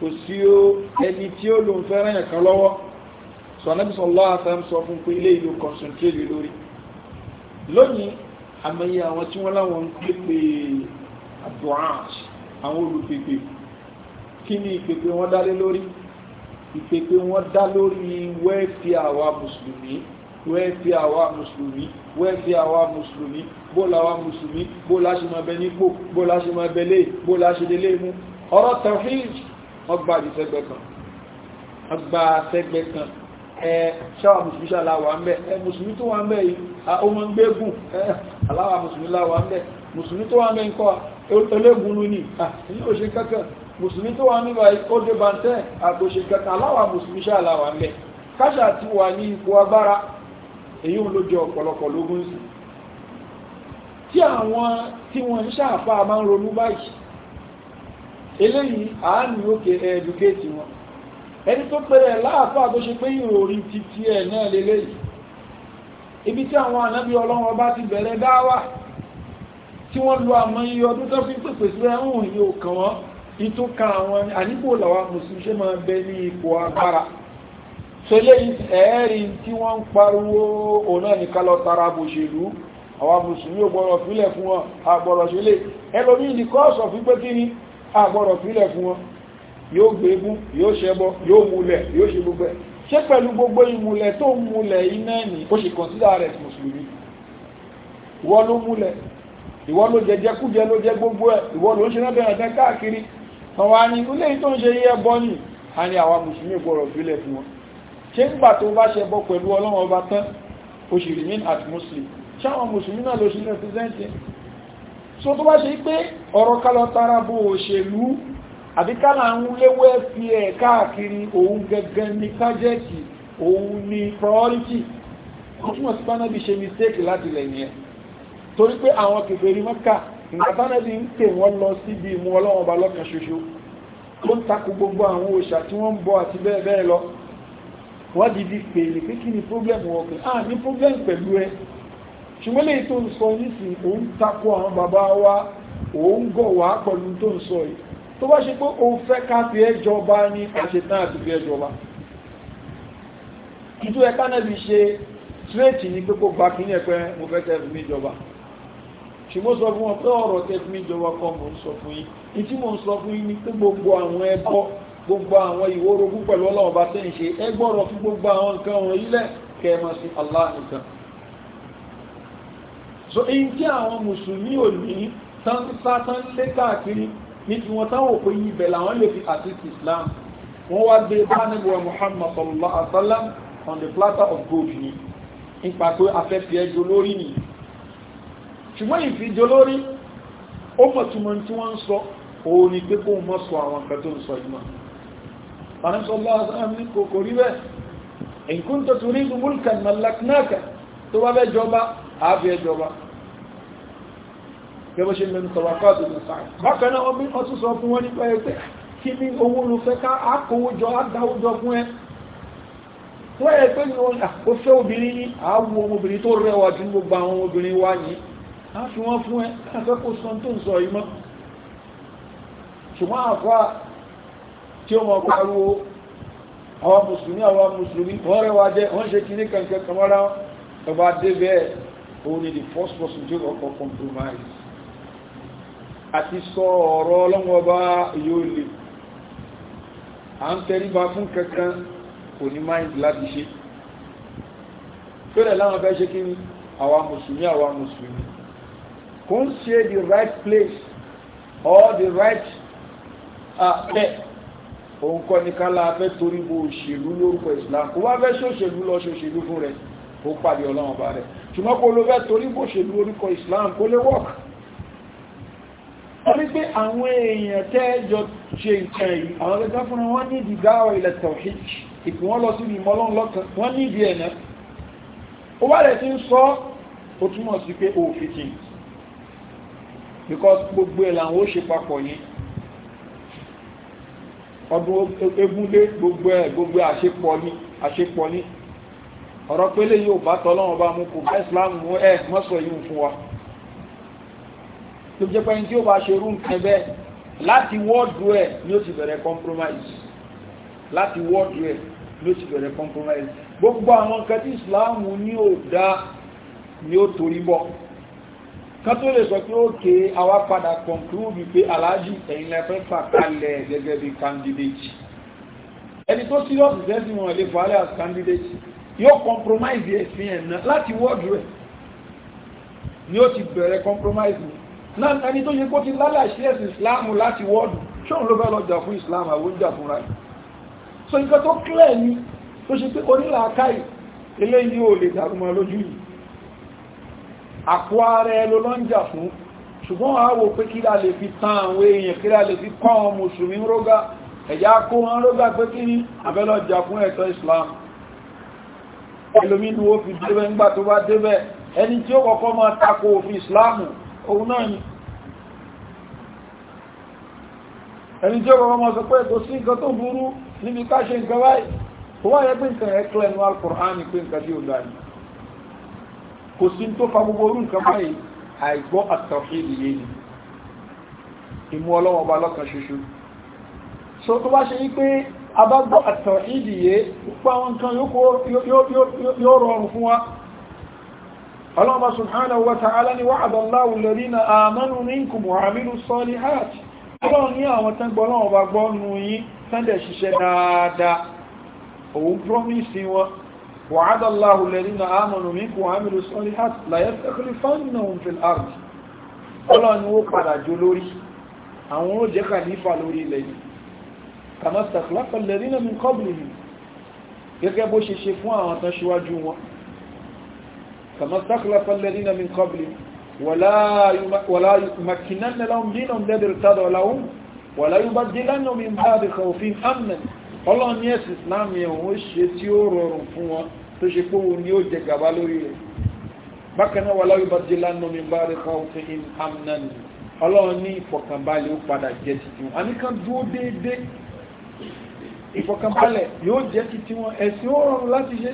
kò sí ẹni tí ó lòun fẹ́ràn yẹn kan lọ́wọ́ sọ anábì sallallahu alaihi wasallam sọ fún pé ilé ìlú concentrate lórí lónìí àmọye àwọn tí wọ́n láwọn ń pèpè àdùáàṣ àwọn olùpèpè kí ni ìpèpè wọn dá lé lórí ìpèpè wọn dá lórí wẹ́ẹ̀fì àwa mùsùlùmí wẹ́ẹ̀fì mùsùlùmí wẹ́ẹ̀fì àwa wa mùsùlùmí bóòlà ṣe máa bẹ nípò bóòlà ṣe máa bẹ lé bóòlà ṣe mú ọ̀rọ̀ tawhid wọ́n gbá àdì sẹ́gbẹ́ kan wọ́n gbá sẹ́gbẹ́ kan ẹ ṣáwà mùsùlùmí ṣàláwà ń bẹ́ ẹ mùsùlùmí tó wà ń bẹ́ yìí ó mọ́ ń gbégùn ẹ aláwà mùsùlùmí láwà ń bẹ́ mùsùlùmí tó wà ń bẹ́ ń kọ́ ológun ló ní ní òṣè kankan mùsùlùmí tó wà ń bẹ́ eléyìí àánú òkè ẹ̀dùgéètì wọn ẹni tó pẹ̀rẹ̀ láàfáà tó ṣe pé ìròrí ti ti ẹ̀ náà lélẹ́yìí ibi tí àwọn ànábí ọlọ́run ọba ti bẹ̀rẹ̀ dáwà tí wọ́n lo àmọ́ iye ọdún tó fi pèpè sí ẹ̀hún yìí ò kàn wọ́n ìtò kan àwọn àníbò làwọn mùsùlùmí ṣe máa bẹ ní ipò agbára tó léyìí ẹ̀ẹ́rì tí wọ́n ń pariwo òun nìkan lọ tara bòṣèlú àwọn mùsùlùmí ò gbọ́dọ̀ fílẹ̀ fún wọn àgbọ̀rọ̀ ṣe lè ẹlòmí nìkan sọ fún pé kí ni àgbọ̀rọ̀ fílẹ̀ fún wọn yóò gbégún yóò ṣẹbọ yóò múlẹ̀ yóò ṣe gbogbo ẹ̀ ṣé pẹ̀lú gbogbo ìmúlẹ̀ tó múlẹ̀ iná ẹ̀nì ó ṣe consider rẹ̀ mùsùlùmí ìwọ ló múlẹ̀ ìwọ ló jẹjẹ kújẹ ló jẹ gbogbo ẹ̀ ìwọ ló ń ṣe nábẹ̀rẹ̀ tẹ́ káàkiri àwọn àní ilé tó ń ṣe yẹ bọ́ nì a ní àwa mùsùlùmí gbọ́rọ̀ fílẹ̀ fún wọn ṣé nígbà tó bá ṣẹbọ pẹ̀lú ọlọ́run ọba tán ó sì remain at muslim ṣáwọn mùsùlùmí náà ló ṣe representing so tó bá ṣe pé ọ̀rọ̀ kálọ̀ tara bó òṣèlú àbí kálà ń léwẹ́ fi ẹ̀ káàkiri òun gẹ́gẹ́ ní tájẹ́kì òun ní priority wọ́n túnmọ̀ sí pánábì ṣe mistake láti lẹ́yìn ẹ̀ torí pé àwọn kèfèrí Mọ́kà nígbà pánábì ń pè wọ́n lọ síbi ìmú ọlọ́wọ́n ọba lọ́kan problem wọ́n ah ní problem pẹ̀lú ṣùgbọ́n lè tó ń sọ nísìn òun takò àwọn bàbá wa òun gọ̀ wá pẹ̀lú tó ń sọ yìí tó bá ṣe pé òun fẹ́ ká fi ẹjọba ní àṣetán àti fi ẹjọba ìtú ẹ̀ká náà fi ṣe tírèètì ní pé kó gba kíní ẹ̀pẹ́ mo fẹ́ tẹ́ fi mí jọba ṣùgbọ́n sọ fún wọn pé ọ̀rọ̀ tẹ́ mí jọba kọ́ Allah nìkan so èyí tí àwọn mùsùlùmí ò ní tán sátán lé káàkiri ní tí wọ́n táwọn òpin yìí bẹ̀ làwọn lè fi àti islam wọ́n wá gbé bánibọ̀ muhammad sallallahu alaihi wa on the platter of gold ni nípa pé afẹ́fẹ́ ẹjọ́ lórí ni ṣùgbọ́n ìfìjọ lórí ó mọ̀túnmọ̀ tí wọ́n ń sọ òun ni pé kó mọ́ sọ àwọn nǹkan tó ń sọ ìmọ̀ tàbí sọ lọ́wọ́ sáà ní kòkòrí bẹ́ẹ̀ in kunta turidu mulkan mallaknaka tó bá fẹ́ jọba àáfi ẹjọba bí wọ́n ṣe mẹ́nu sọ̀rọ̀ akọ́ọ̀dù ní sáà bákan náà wọ́n tún sọ fún wọn nípa ẹgbẹ́ kí ni owó ló fẹ́ ká àkówójọ àdáwójọ fún ẹ wọ́n yẹ pé ó fẹ́ obìnrin ní àwọn obìnrin tó rẹwà jù gbogbo àwọn obìnrin wá ní a fi wọ́n fún ẹ káfẹ́ sọ tó ń sọ ìmọ́ ṣùgbọ́n àfá tí ó mọ̀ pariwo àwọn mùsùlùmí àwọn mùsùlùmí wọ́n jẹ́ wọ́n ṣe kìíní kankan kamara tó bá dé bẹ́ẹ̀ òun ni the first person tí ó kọ́kọ́ compromise àti sọ ọ̀rọ̀ ọlọ́wọ́ bá yóò lè à ń tẹríba fún kankan kò ní mind láti ṣe tó rẹ̀ láwọn fẹ́ ṣe kí ni àwa mùsùlùmí àwa mùsùlùmí kò ń ṣe the right place or the right àpẹ́ òun kọ́ ní kálá fẹ́ torí bo òṣèlú lórúkọ Islam kò wá fẹ́ ṣòṣèlú lọ ṣòṣèlú fún rẹ̀ ó pàdé ọlọ́run ọba rẹ̀ ṣùgbọ́n kó ló fẹ́ torí bó ṣe lu orúkọ islam kó lè wọ́k torí pé àwọn èèyàn tẹ́jọ ṣe nǹkan yìí àwọn gẹ́gẹ́ fúnra wọn ní ìdí dáwọ̀ ilẹ̀ tọ̀hí ìpín wọn lọ sí ìmọ̀ ọlọ́run lọ́kàn wọn ní ìdí ẹ̀nà ó wà rẹ̀ ti ń sọ ó túmọ̀ sí pé ó fi kì í because gbogbo ẹ̀ làwọn ó ṣe papọ̀ yìí ọdún egúnlé gbogbo ẹ̀ gbogbo àṣepọ̀ ní àṣepọ̀ ní ọ̀rọ̀ pélé yóò bá tọ́lọ́wọ́n bá mú kò bá islam mú ẹ mọ́sọ̀ yìí fún wa tó jẹ́ pẹ́yìn tí ó bá ṣe rú nǹkan bẹ́ẹ̀ láti wọ́ọ̀dù ẹ̀ ni ó ti bẹ̀rẹ̀ compromise láti wọ́ọ̀dù ẹ̀ ni gbogbo àwọn nǹkan tí islam ní ò dá ni ó torí bọ́ kan tó lè sọ pé ó ké àwa padà conclude pé aláàjì ẹ̀yin lẹ fẹ́ fà kalẹ̀ gẹ́gẹ́ bí candidate ẹni tó serious ìfẹ́ sí wọn lè fọ́ alẹ́ as candidate yóò compromise ẹ̀sìn ẹ̀ náà láti wọ́ọ̀dù ẹ̀ ni ó ti bẹ̀rẹ̀ compromise náà ẹni tó yẹ kó ti lálàṣí ẹ̀sìn islamu láti wọ́ọ̀dù ṣóun ló bẹ́ lọ jà fún islam àwọn jà fúnra ẹ̀ so nǹkan tó clear ni tó ṣe pé onílàákàyè eléyìí ò lè dàrúmọ lójú yìí àpò ara ẹ ló lọ ń jà fún ṣùgbọ́n a wò pé kí la lè fi tán àwọn èèyàn kí la lè fi kọ́ àwọn mùsùlùmí rógá ẹ̀yà kó wọn rógá pé kí ni àbẹ́lọ́jà fún ẹ̀tọ́ islam ẹlòmí ni ó fi débẹ̀ ńgbà tó bá débẹ̀ ẹni tí ó kọ́kọ́ máa tako òfin islamu òun náà ni ẹni tí ó kọ́kọ́ máa sọ pé kò sí nǹkan tó burú níbi ká ṣe nǹkan báyìí tó wáyé pé nǹkan ẹ̀ kílẹ̀ ní alkùnránì pé nǹkan tí ó dá ní kò sí tó fa gbogbo orú nǹkan báyìí àìgbọ́ àtàwíìdì yé ni ìmú ọlọ́wọ́ ọba lọ́kan ṣoṣo so tó bá ṣe yí pé abágbọ́ àtọ̀ ìdíyé púpọ̀ àwọn nǹkan yóò rọrùn fún wa ọlọ́mà subhanahu wa ta'ala ni wa'adallahu alladhina amanu minkum wa 'amilu s-salihat ọlọ́run ní àwọn tán gbọ́ ọlọ́run ọba gbọ́ nù yín sẹ́ndẹ̀ ṣiṣẹ́ dáadáa òun promise wọn wa'adallahu alladhina amanu minkum wa 'amilu s-salihat la yastakhlifannahum fil ó padà jó lórí àwọn ó jẹ́ kàlífà lórí ilẹ̀ kama stakhlafa alladhina min qablihim gẹ́gẹ́ bó ṣe ṣe fún àwọn tán ṣíwájú wọn kama stakhlafa alladhina min qablihim wala yumakkinanna lahum dinahum alladhi irtada lahum wala yubaddilannahum min ba'di khawfihim amnan ọlọ́ni ẹ̀sìn islam yẹn òun ṣe tí ó rọrùn fún wọn tó ṣe pé òun ni ó jẹ gàba lórí rẹ̀ bákan náà wala yubaddilannahum min ba'di khawfihim amnan ọlọ́ni jẹ́ tuntun àníkan dúó déédéé ìfọkànbalẹ̀ yóò jẹ́ ti tí wọn ẹ̀sìn ó rọrùn láti ṣe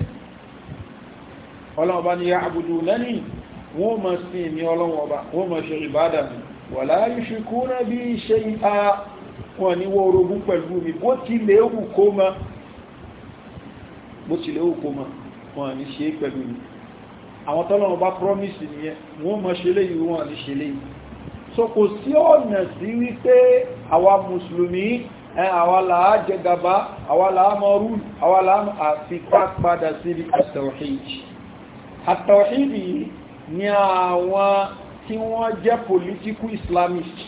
ọlọ́ọ̀bá ni àbùdù lẹ́ni wọ́n mọ̀ sí ní ọlọ́wọ́ba wọ́n mọ̀ ṣe ìbádà mi wà láàrí ṣikú náà bí ṣe ìhà wọn ni wọ́n orogún pẹ̀lú mi bó ti lè wù kó mọ́ bó ti lè wù kó mọ́ wọ́n ni ṣe Eh, àwàlà àjẹgàbá àwàlà àmọ́rú àwàlà àfipá padà síbi àtàwàhídì àtàwàhídì ni àwọn tí wọ́n jẹ́ political islamist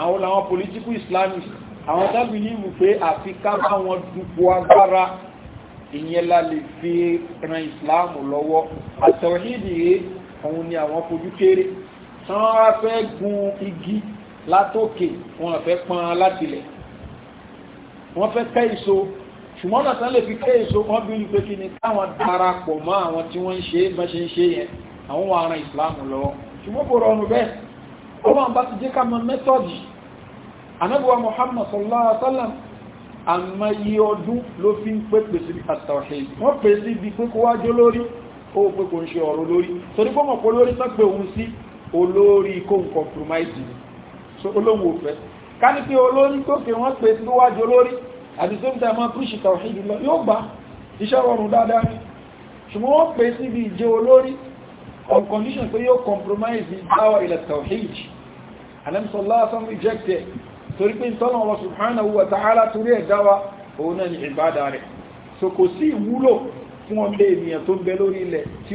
àwọn làwọn political islamist àwọn tábí ní ìmú pé àfiká bá wọn dúpọ̀ agbára ìyẹn la lè fi ran islam lọ́wọ́ àtàwàhídì òun ni àwọn fojú kéré tán wá fẹ́ gun igi látòkè wọn fẹ́ pọn látilẹ̀ wọ́n fẹ́ kẹ́ èso ṣùgbọ́n ọ̀nà tán lè fi kẹ́ èso wọ́n bí wípé kí ni káwọn darapọ̀ mọ́ àwọn tí wọ́n ń ṣe bá ṣe ń ṣe yẹn àwọn wà ran lọ ṣùgbọ́n kò rọrùn bẹ́ẹ̀ ó máa bá ti jẹ́ ká mọ mẹ́tọ́dì anábíwá Muhammad sallallahu alaihi wa sallam àmọ́ iye ọdún ló fi ń pè pèsè bí àtàwọ̀ṣẹ́ wọ́n pèsè bí pé kó wájú lórí ó pé kò ń ṣe ọ̀rọ̀ lórí torí pọ́mọ̀ pé lórí tán pé òun sí olórí kó ń compromise so olóhùn òfẹ́ ká ní pé olórí tó fi wọ́n pèsè tó wájú lórí àti sóńtà máa píríṣì tàwíìdì lọ yóò gbà iṣẹ́ rọrùn dáadáa ni ṣùgbọ́n wọ́n pè síbi ìjẹ́ olórí on condition pé yóò compromise dáwà ilẹ̀ tàwíìdì alẹ́mùsọ̀lá sọ́n rejected torí pé tọ́nà wa subhanahu wa ta'ala torí ẹ̀ dáwà òun náà ni ìbádà rẹ̀ so kò sí ìwúlò fún ọmọdé ènìyàn tó ń bẹ lórí ilẹ̀ tí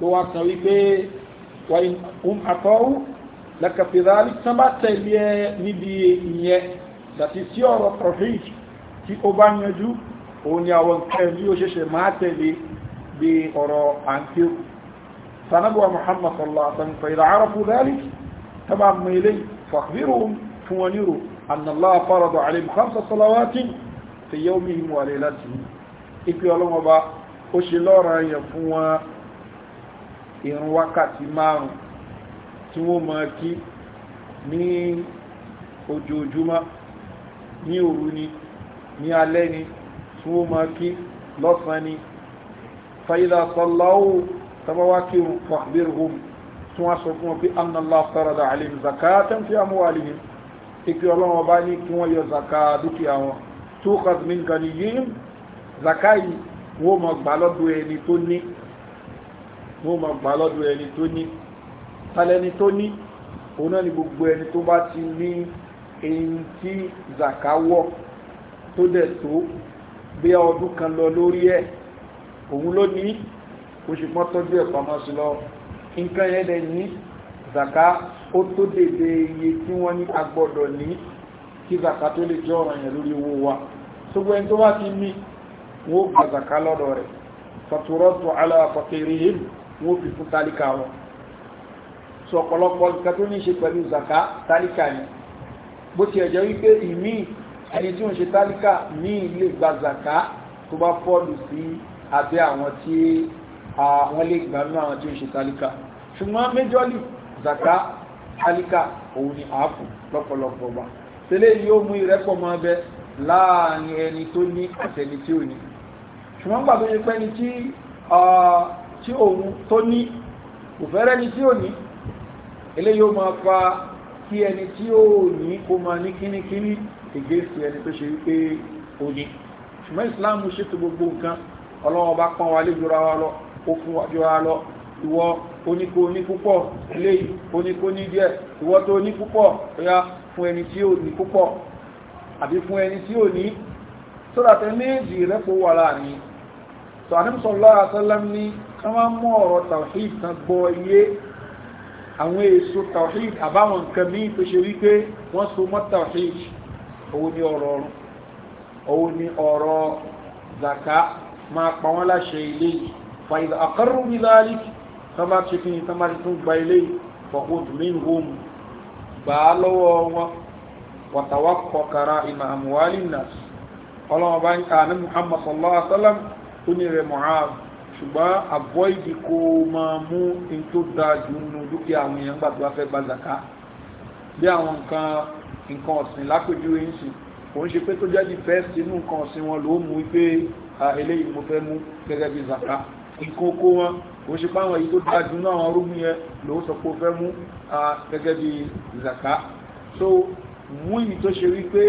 ló wá kan wípé wọ́n àtọ́wù lẹ́kàpẹ̀dálì tán bá tẹ̀lé ẹ níbi ìyẹn dàti sí ọ̀rọ̀ profit tí ó bá yanjú òun ni àwọn nǹkan bí ó ṣẹ̀ṣẹ̀ máa tẹ̀lé bí ọ̀rọ̀ àǹkí sanabuwa muhammad sallallahu alaihi wasallam fa idha arafu dhalik tamam ilay fakhbiruhum tuwaniru anna allah farada alayhim khamsa salawatin fi yawmihim wa laylatihim ipi ọlọ́wọ́ bá ó ṣe lọ́ra yẹ fún wọn ìrun wákàtí márùn tí wọ́n máa kí ní ojoojúmọ́ ní òru ni ní alẹ́ ni tí wọ́n máa kí lọ́sàn ni fàílà sọ́láwò tàbáwákí fàbírhùn tí wọ́n sọ fún wọn pé annalá farada alim zakatan fi amwalihim ikú ọlọ́wọ́ bá ní kí wọ́n yọ zaka dúkìá wọn tó kàzmin ganiyim zakai wọ́n mọ̀ gbà ẹni tó ní wọ́n ma gbà lọ́dọ̀ ẹni tó ní tàlẹni tó ní òun náà ni gbogbo ẹni tó bá ti ní èyí tí zakawọ́ tó dẹ̀ tó bí ọdún kan lọ lórí ẹ̀ òun ló ní oṣùpọ̀ tọ́jú ẹ̀ pamọ́ sí lọ nǹkan yẹn dẹ̀ ní zaka ó tó dèdè iye tí wọ́n ní agbọ́dọ̀ ní kí zaka tó lè jẹ́ ọ̀ràn yẹn lórí owó wa gbogbo ẹni tó bá ti ní wọ́n gba zaka lọ́dọ̀ rẹ̀ fàtúrọ́tù aláfàkèrè yìí wọ́n fi fún tálíkà wọn sọ ọ̀pọ̀lọpọ̀ nǹkan tó ní ṣe pẹ̀lú zaka tálíkà ni bó ti ẹ̀jẹ̀ wípé ìmí ẹni tí ó ń ṣe tálíkà ní ilé gba zaka tó bá fọ́ọ̀lù sí abẹ́ àwọn tí àwọn lè gbà nínú àwọn tí ó ń ṣe tálíkà ṣùgbọ́n méjọ́lì zaka tálíkà òun ni àáfù lọ́pọ̀lọpọ̀ wa tẹ́lẹ̀ yóò mú ìrẹ́pọ̀ mọ́ abẹ láàrin ẹni tó ní àtẹni tí ò ní ṣùgbọ́n gbàgbé pẹ́ni tí tí òun tó ní kò fẹ́rẹ́ ni tí ò ní eléyìí ó máa fa kí ẹni tí ó ní kó máa ní kínníkínní against ẹni tó ṣe wípé ó ní ṣùgbọ́n islam ṣètò gbogbo nǹkan ọlọ́wọ́ bá pọ́n wa lé jura wa lọ ó fún wa jura lọ ìwọ oníkó ní púpọ̀ eléyìí oníkó ní díẹ̀ ìwọ tó ní púpọ̀ ọ̀yá fún ẹni tí ò ní púpọ̀ àbí fún ẹni tí ò ní sódà tẹ méjì rẹ́pọ̀ wà láàrin sọ ànímsọ̀ lọ́ra sẹ́lẹ́m ní tán wá mú ọ̀rọ̀ tawhid kan gbọ́ iye àwọn èso tawhid àbáwọn nǹkan míì tó ṣe wípé wọ́n so mọ́ tawhid owó ní ọ̀rọ̀ ọ̀run owó ní ọ̀rọ̀ zaka máa pa wọ́n láṣẹ ilé fa idha aqarru bi dhalik tán bá ti fi tán bá ti tún gba ilé yìí faqud minhum gbà á lọ́wọ́ wọn wa tawaqqa kara'ima amwalin nas ọlọ́wọ́ bá ń kà sallallahu alaihi wa sallam ó ní rẹ̀ muhammad ṣùgbọ́n àbọ́ìdì kó máa mú in tó dáa jù nínú dúkìá àwọn èèyàn gbà tó wá fẹ́ gba zaka bí àwọn nǹkan nǹkan ọ̀sìn lápèjúwe ń sìn kò ń ṣe pé tó jáde fẹ́ sínú nǹkan ọ̀sìn wọn ló mú wípé eléyìí mo fẹ́ mú gẹ́gẹ́ bí zaka nǹkan oko wọn kò ń ṣe pé àwọn èyí tó dáa jù náà àwọn arúgbìn yẹn ló sọ pé ó fẹ́ mú gẹ́gẹ́ bí zaka so mú ìyí tó ṣe wípé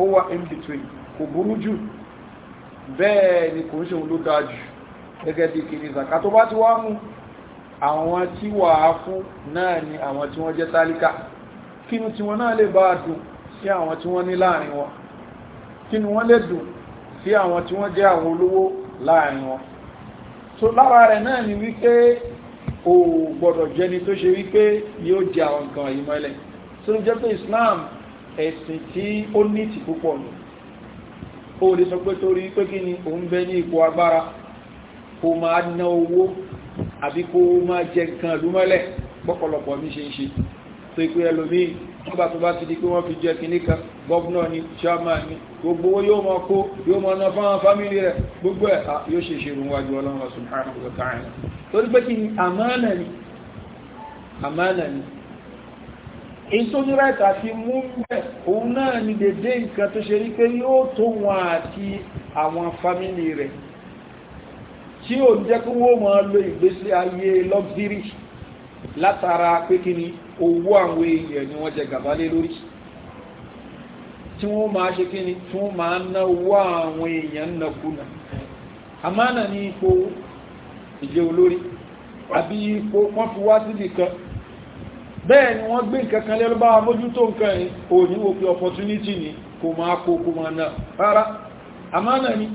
ó wà in between kò burú jù bẹ́ẹ̀ ni kò ń ṣe òun ló dáa jù gẹ́gẹ́ bí kìíní zaka tó bá ti wá mú àwọn tí wà á fún náà ni àwọn tí wọ́n jẹ́ tálíkà kínú tí wọ́n náà lè bá dùn sí àwọn tí wọ́n ní láàrin wọn kínú wọ́n lè dùn sí àwọn tí wọ́n jẹ́ àwọn olówó láàrin wọn so lára rẹ̀ náà ni wípé o gbọ́dọ̀ jẹni tó ṣe wípé yóò jẹ àwọn nǹkan yìí mọ́lẹ̀ tó jẹ́ pé Islam ẹ̀sìn tí ó ní ti púpọ̀ lò ó lè sọ pé torí pé kí ni òun bẹ ní ipò agbára kó máa ná owó àbí kó máa jẹ nǹkan lúmọ́lẹ̀ pọ́pọ̀lọpọ̀ mi ṣe ń ṣe tó ìpé ẹlòmíì nígbà tó bá ti di pé wọ́n fi jẹ kìíní kan gọ́vnà ni chairman ni gbogbo owó yóò máa kó yóò máa ná fáwọn fámìlì rẹ̀ gbogbo ẹ̀ yóò ṣe ìṣirò wájú ọlọ́run subhanahu wa ni àmánà ni àmánà ni èyí tó ní ni dédé nǹkan tó ṣe rí pé tí o jẹ́ kí wọ́n máa lo ìgbésí ayé lọ́gírì látara pé kí ni owó àwọn èèyàn ni wọ́n jẹ gàba lé lórí tí wọ́n máa ṣe kí ni tí wọ́n máa ná owó àwọn èèyàn nàkúnà àmánà ní ipò ìjẹ olórí àbí ipò wọ́n fi ni wọ́n gbé nǹkan kan lẹ́rọ ni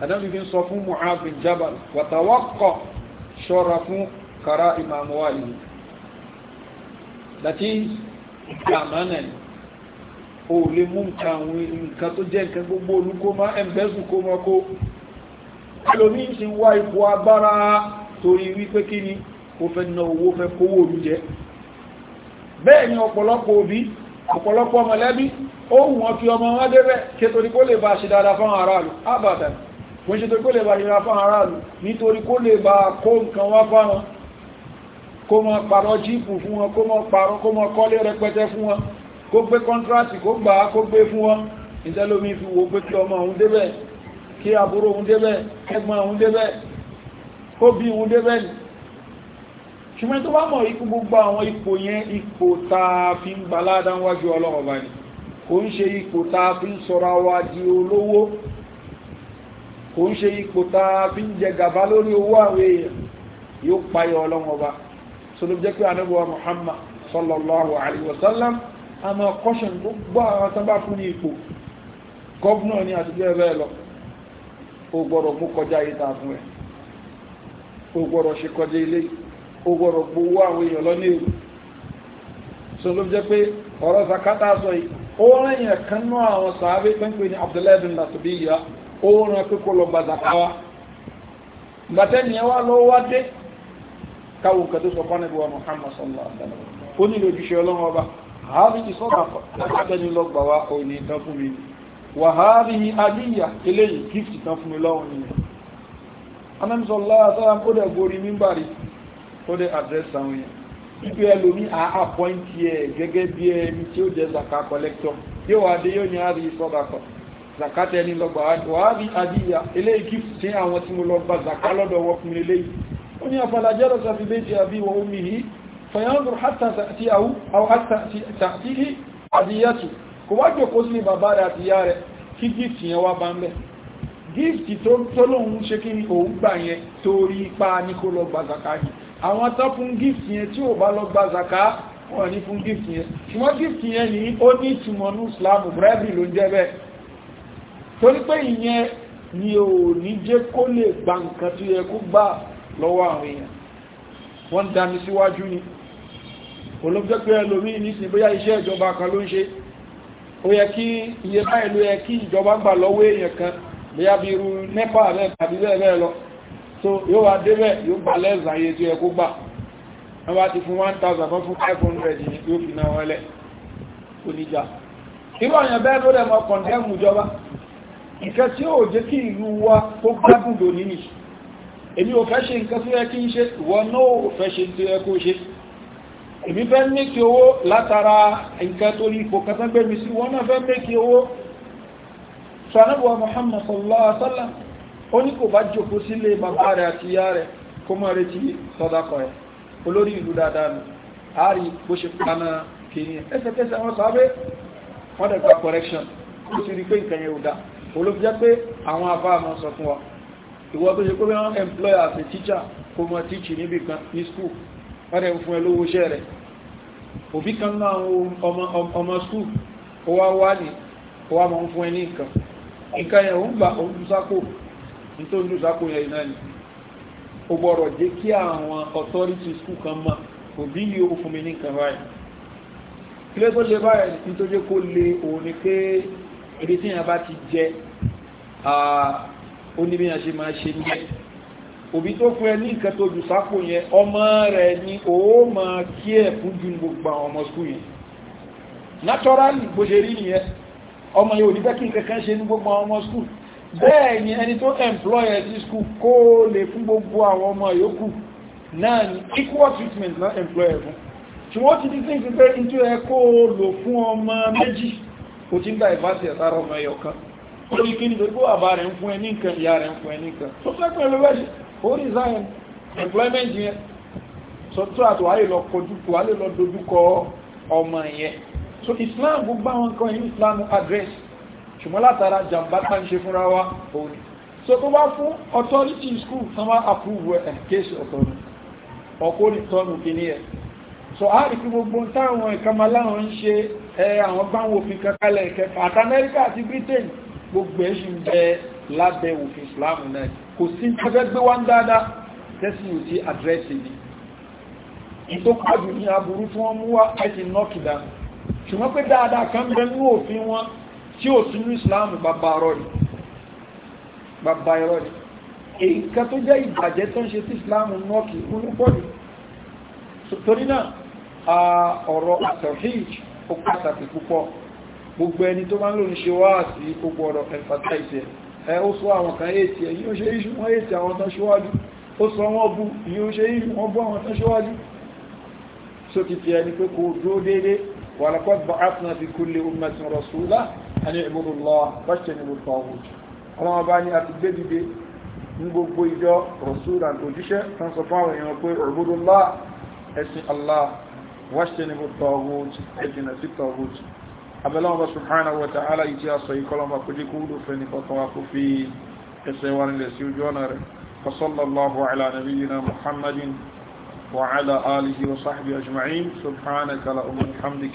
adábi fi ń sọ fún Mu'adh bin Jabal wàtàwọ́kọ̀ ṣọ́ra fún kara imam wali dàtí àmánà ni o lè mú nǹkan àwọn nǹkan tó jẹ́ nǹkan gbogbo olùkó ẹ̀mbẹ́sùn kó kó ẹlòmí ti ń wá ipò agbára torí wípé kí ni kò fẹ́ ná owó fẹ́ kówó olú jẹ bẹ́ẹ̀ ni ọ̀pọ̀lọpọ̀ òbí ọ̀pọ̀lọpọ̀ mọ̀lẹ́bí ó wùn wọn fi ọmọ wọn débẹ̀ kétorí kó lè bá ṣe dáadáa fáwọn aráàlú ábàdàn kò ń ṣe tó kó lè bá ìrìnà fáwọn aráàlú nítorí kó lè bá kó nǹkan wá fáwọn kó mọ́ pàrọ̀ jíìpù fún wọn kó mọ́ pàrọ̀ kó mọ́ kọ́lé rẹpẹtẹ fún wọn kó gbé kọ́ntrátì kó gbà á kó gbé fún wọn ìtẹ́lómi fi wo pé kí ọmọ òun débẹ̀ kí àbúrò òun débẹ̀ ẹgbọ́n òun débẹ̀ kó bí kò ń ṣe ipò ta fi ń jẹ gàba lórí owó àwọn èèyàn yóò payọ ọlọ́wọ́ bá sọlọ jẹ́ pé anábọ̀wá muhammad sallallahu alayhi wa sallam a máa kọ́ṣẹ̀ gbogbo àwọn tán bá fún ní ipò oran yẹn kan náà àwọn sàábé pẹ́ńpẹ́ ní abdullahi bin latubiya oran kíkọ́ lọ bá zakawa gbàtẹ́ ni ẹ wá lọ wá dé káwọn kan sọ fún ẹgbẹ́ wa muhammad sallallahu alaihi wa sallam ó nílò ojúṣe ọlọ́run ọba hàbí ìsọ́gbà látẹ́ni lọ gbà wá òní tán fún mi wà hàbí adíyà eléyìí gift tán fún mi lọ́wọ́ ipe ẹlòmí a apọ́ǹtì ẹ̀ gẹ́gẹ́ bí ẹni tí ó jẹ́ zaka collector yóò wá dé yóò ní àrí sọ́dakọ̀ zaka tẹni lọ́gbà wàá rí àdíyà eléyìí kí sí àwọn tí mo lọ gba zaka lọ́dọ̀ wọ́n fún mi eléyìí ó ní àfàlàjẹ́ lọ́sà fi méjì àbí wọ́n omi yìí fẹ̀yàndùn àtàtì àdíyàtù kò wá jòkó sí bàbá rẹ̀ àti ìyá rẹ̀ kí gift yẹn wá bá ń bẹ̀ gift tó lóun ṣe kí ni òun gbà yẹn torí ipa ní kó lọ gba zaka yìí àwọn tó fún gift yẹn tí ò bá lọ gba zaka wọn ní fún gift yẹn ṣùgbọ́n gift yẹn ní ó ní ìtumọ̀ ní islam brevity ló ń jẹ́ bẹ́ẹ̀ torí pé ìyẹn ni ò ní jẹ́ kó lè gba nǹkan tó yẹ kó gbà lọ́wọ́ àwọn èèyàn wọ́n ń dami síwájú ni olóògbé pé ẹlòmí nísìn bóyá iṣẹ́ ìjọba kan ló ń ṣe ó yẹ kí iye báyìí ló yẹ kí ìjọba gbà lọ́wọ́ èèyàn kan bóyá bí irú nepa rẹ̀ tàbí bẹ́ẹ̀ bẹ́ẹ̀ lọ so yóò wá débẹ̀ yóò gbà lẹ́sàn ayé tí ẹ kó gbà wọ́n bá ti fún 1000 kan fún 500 yìí yóò fi náà wọlé oníjà irú ọ̀yàn bẹ́ẹ̀ ló dẹ̀mọ́ kọ̀ndẹ́mù ìjọba nǹkan tí ó jẹ́ kí ìlú wa kó gbádùn lò nínú èmi ò fẹ́ ṣe nǹkan tó yẹ kí n ṣe wọ́n náà ò fẹ́ ṣe tó yẹ kó ṣe èmi fẹ́ mẹ́kì owó látara nǹkan tó rí ipò kẹsàn sí wọ́n náà fẹ́ mẹ́kì owó sanabuwa Muhammad sallallahu alaihi wasallam ó ní kò bá jòkó sílé bàbá rẹ̀ àti ìyá rẹ̀ kó mọ́ retí sọ́dákọ̀ ẹ̀ olórí ìlú dáadáa nù àárí bó ṣe paná kìíní ẹsẹ̀kẹsẹ̀ wọn sáré wọ́n dẹ̀ gba correction ó sì rí pé nǹkan yẹn ò dá olóbi jẹ́ pé àwọn àbá àmọ́ sọ fún wa ìwọ tó ṣe pé wọ́n employer as a teacher kó mọ́ teach níbi kan ní school wọ́n dẹ̀ fún ẹ lówó iṣẹ́ rẹ̀ òbí kan náà ọmọ school ó wá wá ní ó wá mọ́ fún ẹ ní nǹkan nǹkan yẹn ò ń gbà òun sákò nítorí nínú ìsákò yẹn iná ni ó gbọ́dọ̀ jẹ́ kí àwọn authority school kan mọ̀ òbí yìí ó fún mi ní nǹkan báyìí ilé tó lè báyìí nítorí kó lè òun ni pé ibi tí yẹn bá ti jẹ ó ní bí yẹn ṣe máa ṣe níbẹ̀ òbí tó fún ẹ ní nǹkan tó jù sápò yẹn ọmọ rẹ̀ ni ó máa kí ẹ̀ fún ju gbogbo àwọn ọmọ skul yẹn naturally bó ṣe rí nìyẹn ọmọ yẹn ò ní fẹ́ kí nǹkan kan ṣe ní gbogbo àwọn ọmọ skul bẹ́ẹ̀ ni ẹni tó employ ẹ̀sí skú kó lè fún gbogbo àwọn ọmọ yòókù náà ni equal treatment náà employ ẹ̀fún tí wọ́n ti dínkì sí pé ní tó ẹ kó lò fún ọmọ méjì kò tí ń gba ìfásí ẹ̀sára ọmọ ẹyọ kan lórí kí ni gbogbo àbá rẹ̀ ń fún ẹni nǹkan employment yẹn sọ tó àtò wáyé lọ kojú kò wáyé lọ dojú kọ ọmọ so Islam gbogbo àwọn address ṣùgbọ́n látara jàmbá tá ń ṣe fúnra wa òun so tó bá fún authority school tán approve ẹ̀ case ọ̀tọ̀nù ọkọ̀ ní tọ́nù kìíní ẹ̀ so a rí pé gbogbo táwọn ìkàmà láwọn ń ṣe ẹ àwọn gbáwọn òfin kankalẹ̀ ìkẹfà àti Amẹ́ríkà àti Britain gbogbo ẹ̀ ṣì ń bẹ lábẹ́ òfin Islam náà kò sí ẹgbẹ́ gbé wá ń dáadáa tẹ́sí ò sí àdírẹ́sì ni ìtòkàjù ní aburú tí wọ́n mú wá ẹ̀sìn nọ́kìdá ṣùgbọ́n pé dáadáa kan bẹ nínú òfin wọn tí ò sínú islam bàbá rọ ni bàbá irọ́ ni nǹkan tó jẹ́ ìbàjẹ́ tó ń ṣe sí islam náà kì í kún ní pọ̀jù torí náà ọ̀rọ̀ àtọ̀híj ó pàtàkì púpọ̀ gbogbo ẹni tó máa ń lò ní ṣe wá sí gbogbo ọ̀rọ̀ emphasize ẹ ó sọ àwọn kan ètì ẹ̀ yíó fi ẹni pé kò dúró déédé wà lọ́pọ̀ ani ibudu lọ bọ́ṣẹ̀ ni mo tọ̀ ọ̀hún ọlọ́wọ́n bá ní àti gbé dìde ní gbogbo ìjọ rọ̀súlà òjíṣẹ́ kan sọ fáwọn èèyàn pé ibudu lọ ẹ̀sìn allah bọ́ṣẹ̀ ni mo tọ̀ ọ̀hún ẹ̀jìnà sí tọ̀ الله على نبينا محمد وعلى آله وصحبه أجمعين سبحانك لأم الحمدك